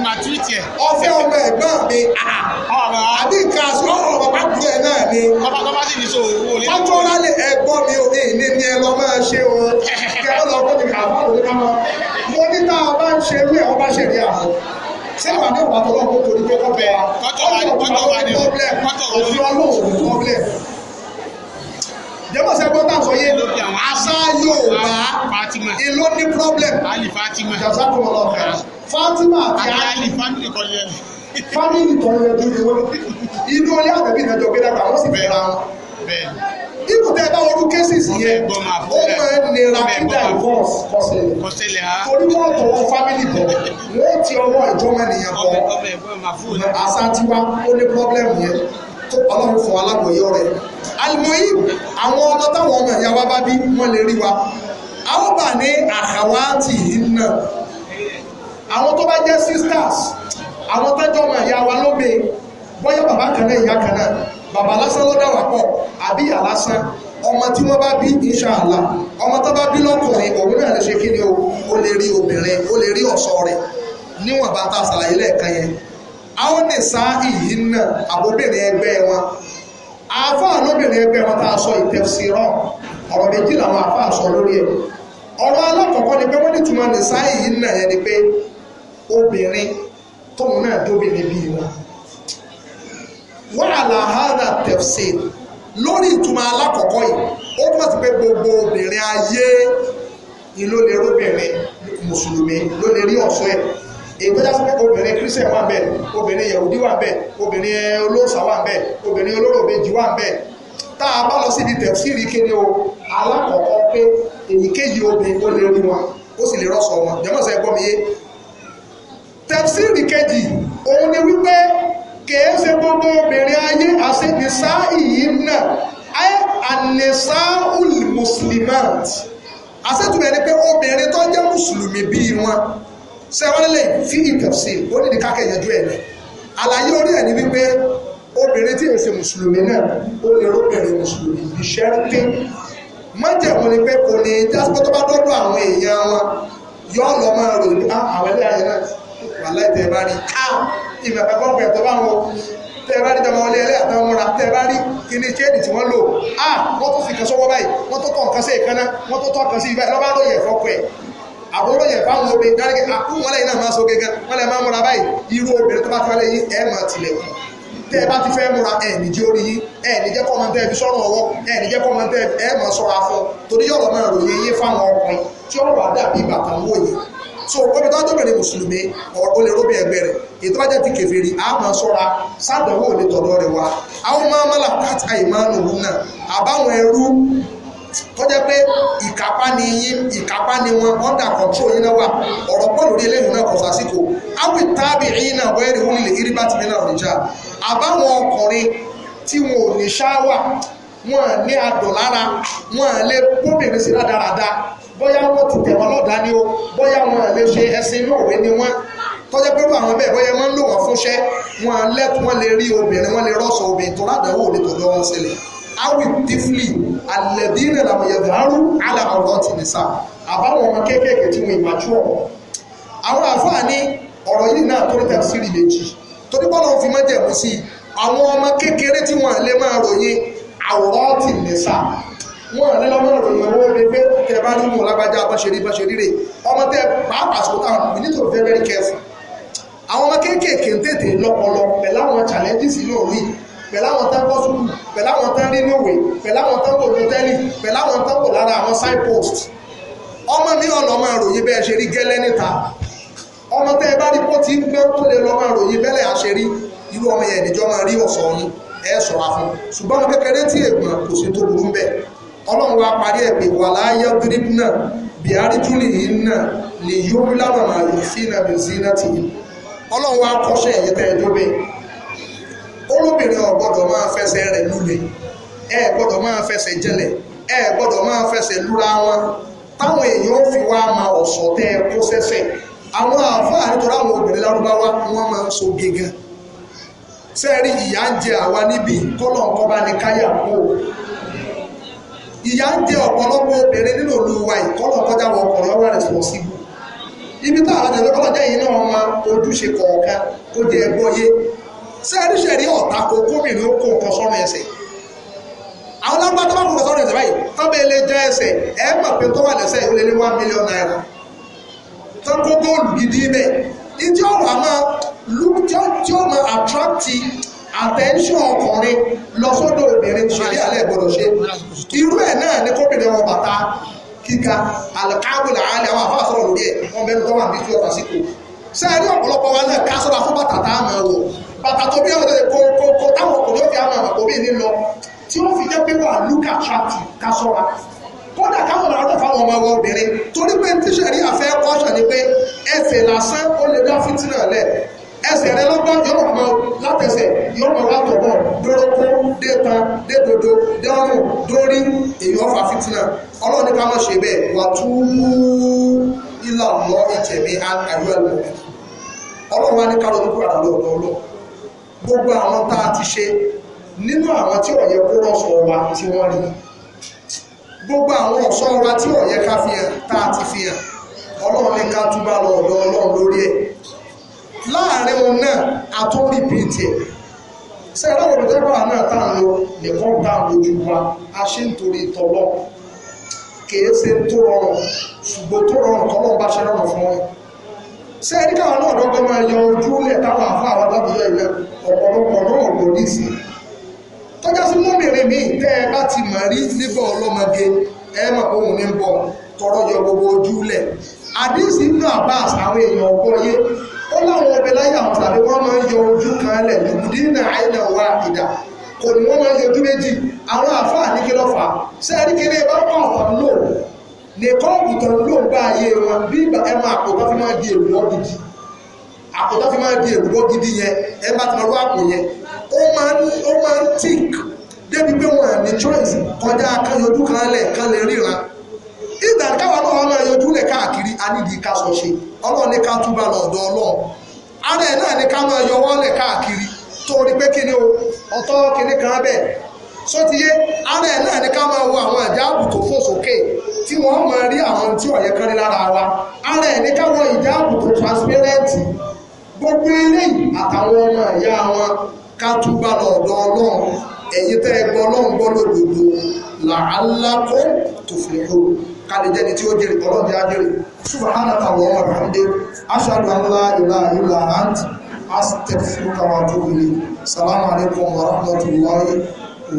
máa túwìtì ẹ̀. ọfẹ ọmọ ẹ̀gbọ́n mi. àbí nǹkan aṣọ ọ̀rọ̀ bàbá kúrò ẹ náà ni. bàbá tó bá sì ní so owó lé. wọn tó lálẹ́ ẹ̀gbọ́n mi ò ní ìní ni ẹ lọ máa ṣe o. kí ẹ lọ fún mi àbá òní ká máa. mo ní tá a bá ń ṣe wí ọba ṣe ní àná. ṣé wàá ní ọ̀pá tọ́lọ́ kó torí pé kọ́ bẹ́ẹ̀. kọ́tọ̀ wà ní kọ́tọ̀ wà ní jẹ́mọ̀ sẹ́ gbọ́dọ̀ sọ yé àṣà Yorùbá ìlú ní problem. àlì Fatima. jàzá kò wọ́n lọ fẹ́. Fatima àti Ali family kan yẹn family kan yẹn tó yẹ wọ́n inú ọyá àbẹ̀bí ìdájọ́ gbé dàgbà wọ́n sì bẹ̀rẹ̀ ra wọn. ibù tẹ bá wọnú cases yẹn ó máa nira kíkà divorce kọsẹlẹ torí wọn kọ wọn family bọ wọn ti ọwọ́ ìjọba nìyẹn bọ àṣà tiwa ó ní problem yẹn tó ọlọ́run fún alábòye ọ̀rẹ́ alimoyi àwọn ọmọ táwọn ọmọ ìyá wa bá bí wọn lè rí wa àwọn bà ní àkàwá tì í náà àwọn tó bá jẹ́ sisters àwọn tẹ́jọ́ ọmọ ìyá wa lóbe bóyá bàbá kan náà ìyá kan náà bàbá lásán ló dà wá pọ̀ àbí ìyá lásán ọmọ tí wọ́n bá bí inṣàlá ọmọ tó bá bí lọ́kùnrin òun náà lè ṣe kí ni o ó lè rí obìnrin ó lè rí ọ̀ṣọ́ rẹ̀ níwọ̀n bá tá a ṣàlàyé lẹ́ẹ̀kan yẹn àwọn ní sáà ìyí náà àbóbìnrin ẹgbẹ́ wọn àáfàá lóbìnrin ẹgbẹ́ wọn tá a sọ ìtẹ̀síran ọ̀rọ̀ méjì làwọn àáfàá sọ lórí ẹ̀ ọ̀rọ̀ alákọ̀ọ́kọ́ ni pé wọ́n ní túmọ̀ ní sáà ìyí náà yẹn ni pé obìnrin tóun náà dóbìnrin bíi wọn. wàhálà hàdà tafsir lórí ìtumọ̀ alákọ̀ọ́kọ́ yìí ó túmọ̀ sí pé gbogbo obìnrin ayé ló lè róbìnrin mùsùlùmí ló lè rí ọ̀ṣọ́ ẹ̀ èyí tó jásí pé obìnrin christian wà bẹ́ẹ̀ obìnrin yahudi wà bẹ́ẹ̀ obìnrin olóòṣà wà bẹ́ẹ̀ obìnrin olóròbejì wà bẹ́ẹ̀ tá a bá lọ síbi tẹ̀síìrì kéde o alákọ̀ọ́kọ́ pé èyíkéyìí obìnrin ló lè rí wọn ó sì lè rọ́ṣọ̀ wọn jẹ́mọ̀sẹ̀ gbọ́ mi yé tẹ̀síìrì kejì òun ni wípé kèé ṣe gbogbo obìnrin ayé àṣẹ nìṣá ìyìn náà ayé ànìṣá ul muslimat àṣẹtùmẹ̀ ni pé obìnrin tó jẹ́ mùsùlùmí bíi wọn sẹ́wọ́nlẹ̀ fi tẹ̀síìrì ó ní ní kákẹ́yẹ̀dú ẹ̀ náà àlàyé orí ẹ̀ ni wípé obìnrin tí èsè mùsùlùmí náà ó lè róbìnrin mùsùlùmí ìṣẹ́ pé májẹ̀mú ni pé kò ní jásípẹ́ tó bá dọ́dọ̀ àwọn èèyàn wọn yọ́ lọ́ máa rò ní ah, àwọn ẹlẹ́yà náà wà láì tẹ̀ bá rí ah, káwọn ìmọ̀ ẹ̀kọ́ pẹ̀ tó bá wọn tẹ̀ bá rí tọmọ ọlẹ́ ẹlẹ́ àtàwọn múra tẹ̀ bá rí kíní chéèdì tí wọ́n lò á ah, wọ́n tó fi kan sọ́wọ́ báyìí wọ́n tó tọ̀ nǹkan sí ìkaná wọ́n tó tọ̀ nǹkan sí ìbáyìí lọ́ba lóye ẹ̀fọ́ pẹ̀ àbúrò yẹn fáwọn obìnrin dáríkẹ́ àkúwọ́n lẹ́yìn náà máa so gẹ́gẹ́ wọ́n lè máa múra báyìí irú obìnrin tó bá ti wá lẹ́yìn ẹ̀ máa tilẹ̀kùn tẹ́ ẹ bá ti fẹ́ múra ẹ̀ níjẹ́ orí yín ẹ̀ níjẹ́ kọ́ fi sọ́run ọwọ́ ẹ̀ níjẹ́ kọ́ ẹ máa sọ́ra fún torí yọ̀rọ̀ máa ròyìn yín fáwọn ọkùnrin tí ọ̀rọ̀ àdàbí bàtà ń so omi tó tóbi ní mùsùlùmí o lè róbi ẹgbẹ́ rẹ̀ ètò ajá ti kèfèrí a máa ṣọ́ra sádàwó ò lè tọ̀dọ̀ rẹ̀ wá àwọn máa mọ́là káàtì àìmánu òun náà àbáwọn ẹrú tó pé ìkápá ni yín ìkápá ni wọn under control yín náà wà ọ̀rọ̀ pọ̀ lórí eléyìí náà kò sásìkò awi tábì yín náà wọ́n èrè wúlilẹ̀ iribá ti nínú àrùnjà àbáwọn ọkùnrin tí wọn ò ní ṣáwà wọn ní adùn lára wọn lè bóbìnrin sí rádaràda bóyá wọ́n ti tẹ̀ wọ́n lọ́dàá ni ó bóyá wọn lè ṣe ẹsìn inú òwe ni wọ́n tọ́jẹ́ pé àwọn bẹ́ẹ̀ bóyá wọ́n ń lò wọ́n fúnṣẹ́ wọn lẹ́tọ̀ wọ́n lè rí obìnrin wọ́n lè rọ́ṣọ obìnrin tó ládàáwò lè tọ́jọ́ wọn sílẹ̀ awi tifli alẹ́bí rẹ̀ làwọn yẹn dàrú àlà ọ̀rọ̀ ti nìsa àbáwọn ọmọ kéékèèké tí wọn ìmájú ọ̀rọ̀ àwọn àfáà ní ọ̀rọ̀ yìí náà tó ní tẹ̀síìrì méjì torí bọ́lá òfin mọ́jẹ̀mú sí àwọn ọmọ kékeré tí wọn lè máa ròyìn àwòrán ti nìsa wọn ní ọmọ ìròyìn owó rẹ pé tẹ bá ní mú lágbájá bọ́ṣerí bọ́ṣerí rè ọmọ tẹ pàápàá sọ táwọn we need to be very careful àwọn ọmọ kéékèèké ń tètè lọ́pọlọ pẹ̀lú àwọn challenges lóòrùn yìí pẹ̀lú àwọn tán kọ́ sùkúù pẹ̀lú àwọn tán rí níwèé pẹ̀lú àwọn tán kò lótẹ́lì pẹ̀lú àwọn tán kò lára àwọn signpost ọmọ mi ọ̀nà ọmọ ìròyìn bẹ́ẹ̀ ṣe rí gẹ́lẹ́ níta ọmọ tẹ́ ẹ bá rí pọ́tì ń gbẹ́ tó lè lọ ọmọ ìròyìn bẹ́lẹ̀ àṣẹrí irú ọmọ yẹn ìdíjọ́ máa rí ọ̀sọ̀ ọ̀hún ẹ̀ sọ̀rọ̀ àfún ṣùgbọ́n kékeré tí èèyàn kò sí tó burú bẹ́ẹ̀ ọlọ́run wa parí ẹ̀ pé wà láyé gírípù náà bí arìjúlì yìí náà lè yóò rí lábàmà yìí sí iná bí sí iná tì í ọlọ́run wa kọ́ṣẹ́ ẹ̀yẹ tẹ́ ẹ tó bẹ́ẹ̀ olóbìnrin ò gbọ́dọ̀ máa fẹsẹ̀ rẹ̀ lulẹ̀ ẹ gbọ́dọ̀ máa fẹsẹ̀ jẹlẹ̀ ẹ gbọ́dọ̀ máa fẹsẹ̀ lura wọn táwọn èèyàn fi wá máa ọ̀sọ̀ tẹ́ ẹ kó sẹ́sẹ̀ àwọn àfáà nítorí àwọn obìnrin lárúbáwá wọn máa ń so gẹ́gẹ́ sẹ́ẹ̀rí ìyá ń jẹ àwa níbi kọ́lọ̀ ń bá ní káyà kó ìyá ń jẹ ọ̀pọ̀lọpọ̀ obìnrin nínú òlu wa ìkọ́lọ̀ kọjá wọ ọkùnrin ọwọ́ rẹ̀ sọ̀rọ̀ sí ibi táwọn ọ̀dẹ̀ lọ́kọ́lọ́ jẹ́ yìí náà máa ojúṣe kọ̀ọ̀kan kó jẹ ẹgbọ́ yé sẹ́ẹ̀ríṣẹ̀rí ọ̀tá kó kómìnir ó kó nǹkan sọ́run ẹsẹ̀ àwọn lágbá tó bá kó nǹkan sọ́run ẹsẹ̀ báyìí tọ́bẹ̀ ilé jẹ́ ẹsẹ̀ ẹ̀ mọ̀ pé tó wà lẹ́sẹ̀ ó lé ní one million naira tó ń kó góòlù gidi bẹ́ẹ̀ ìjọ wà máa lù tí ó máa attract attention ọkùnrin lọ sọ́dọ̀ obìnrin ṣẹlẹ̀ alẹ́ gbọ́dọ̀ ṣe irú ẹ̀ náà ni kóbìnrin wọn bàtà kíka alùkábùlà alẹ́ àwọn àfáà sọ̀rọ̀ lórí ẹ̀ wọ́n bẹ́ẹ̀ lọ́wọ́ àbí tí wọ́n fà sí kò sẹ́ẹ̀rí ọ̀pọ̀lọpọ̀ wa náà ká sọ́dọ̀ fún bàtà tá a máa wọ̀ bàtà tó bí ọ̀dọ̀ kò táwọn ọkùnrin ó fi àmà àmà òbí mi lọ tí wọ́n fi jẹ́ pé wà look attractive ká sọ́ra kódà káwọn ọ̀rọ̀ náà fáwọn ọmọ ẹwọ obìnrin torí pé tíṣẹ̀rí àfẹ́ kọ́ṣọ̀ ni pé ẹsẹ̀ lásán ó lè dá fìtínà lẹ̀ ẹsẹ̀ rẹ lọ́gbọ́ yóò mọ látẹsẹ̀ yóò mọ látọ̀bọ̀ dórókó détan dédodo dẹ́rùn dórí èyí ọ̀fà fìtínà ọlọ́run ní ká má ṣe bẹ́ẹ̀ wà tú ilà mọ́ ìjẹ̀mí àyọ̀ ẹ̀lẹ́mẹ̀ ọlọ́run wa ní ká lọ́dún kúrò àdàlọ́ ọ̀dọ́ ọlọ́ gbogbo àwọn tá a ti ṣe nínú àwọn tí ọ̀yẹ́ kó rọ̀ṣọ̀ wa tí wọ́n rí gbogbo àwọn ọ̀ṣọ́ wa tí ọ̀yẹ́ ká fi hàn tá a ti fi hàn ọlọ́run ní ká túbà lọ ọ̀dọ́ ọlọ́run lórí ẹ̀ láàrin òun náà àtúndì bíìtì ẹ̀ ṣe ẹ̀rọ òun tẹ́lẹ̀ náà tá à ń lọ nìkan tá à ń lójú wa a ṣe ń torí ìtọ́lọ́ kìí ṣe tó rọrùn ṣùgbọ́n tó rọrùn kọ́ lọ́ọ́ bá ṣe rọrùn fún wọn ṣé ẹni káwọn náà dọ́gbọ́n máa yan ojú lẹ̀ táwọn àfa àwọn adábìyẹ ilẹ̀ ọ̀pọ̀lọpọ̀ náà ọ̀gbọ̀n ní ìsìn sí mọ́mìnrin mi tẹ́ ẹ bá ti mọ̀ rí níbọ̀ ọlọ́mọge ẹ mọ̀ pé òun ní ń bọ̀ tọrọ yọ gbogbo ojú lẹ̀ àdìsí Ibn Abbas àwọn èèyàn ọgbọ́n yé ó láwọn ọbẹ̀ láyé àwọn tàbí wọ́n máa ń yọ ojú kan lẹ̀ lùkùdí náà àìnà wa ìdá kò ní wọ́n máa ń yọjú méjì àwọn àfáà ní kí ló fà á sẹ́ẹ̀rí kí ní bá pọ̀ wọn lò nìkan ògùntàn ló ń bá ayé wọn bí ẹ máa àpòtọ́ fi máa di èlùbọ́ gidi àpòtọ́ fi máa di èlùbọ́ gidi yẹn ẹ bá ti máa lọ àpò yẹn ó máa ń ó máa ń tíìk débi pé wọn à ní choice kọjá kan yọjú kan lẹ̀ kan lè ríran ìdá káwọn náà máa yanjú lẹ̀ káàkiri anídìí ká sọ ṣe ọlọ́run ní ká túbà lọ́dọ̀ ọlọ́run ara ẹ̀ náà ka ká máa yọwọ́ lẹ̀ káàkiri torí pé kíni o ọ̀tọ́ kíní kan bẹ́ẹ̀ sótìyé ara ẹ̀ náà ní ká máa wo àwọn ìjáàbù tó fò sókè tí wọ́n gbogbo wọn ká túbà lọ́dọ̀ kálí jẹ́ni tí ó jèrè ọlọ́dẹ ajẹ́rè subhanaka Allahumma wa bihamdik ashhadu an la ilaha illa ant astaghfiruka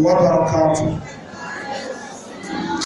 wa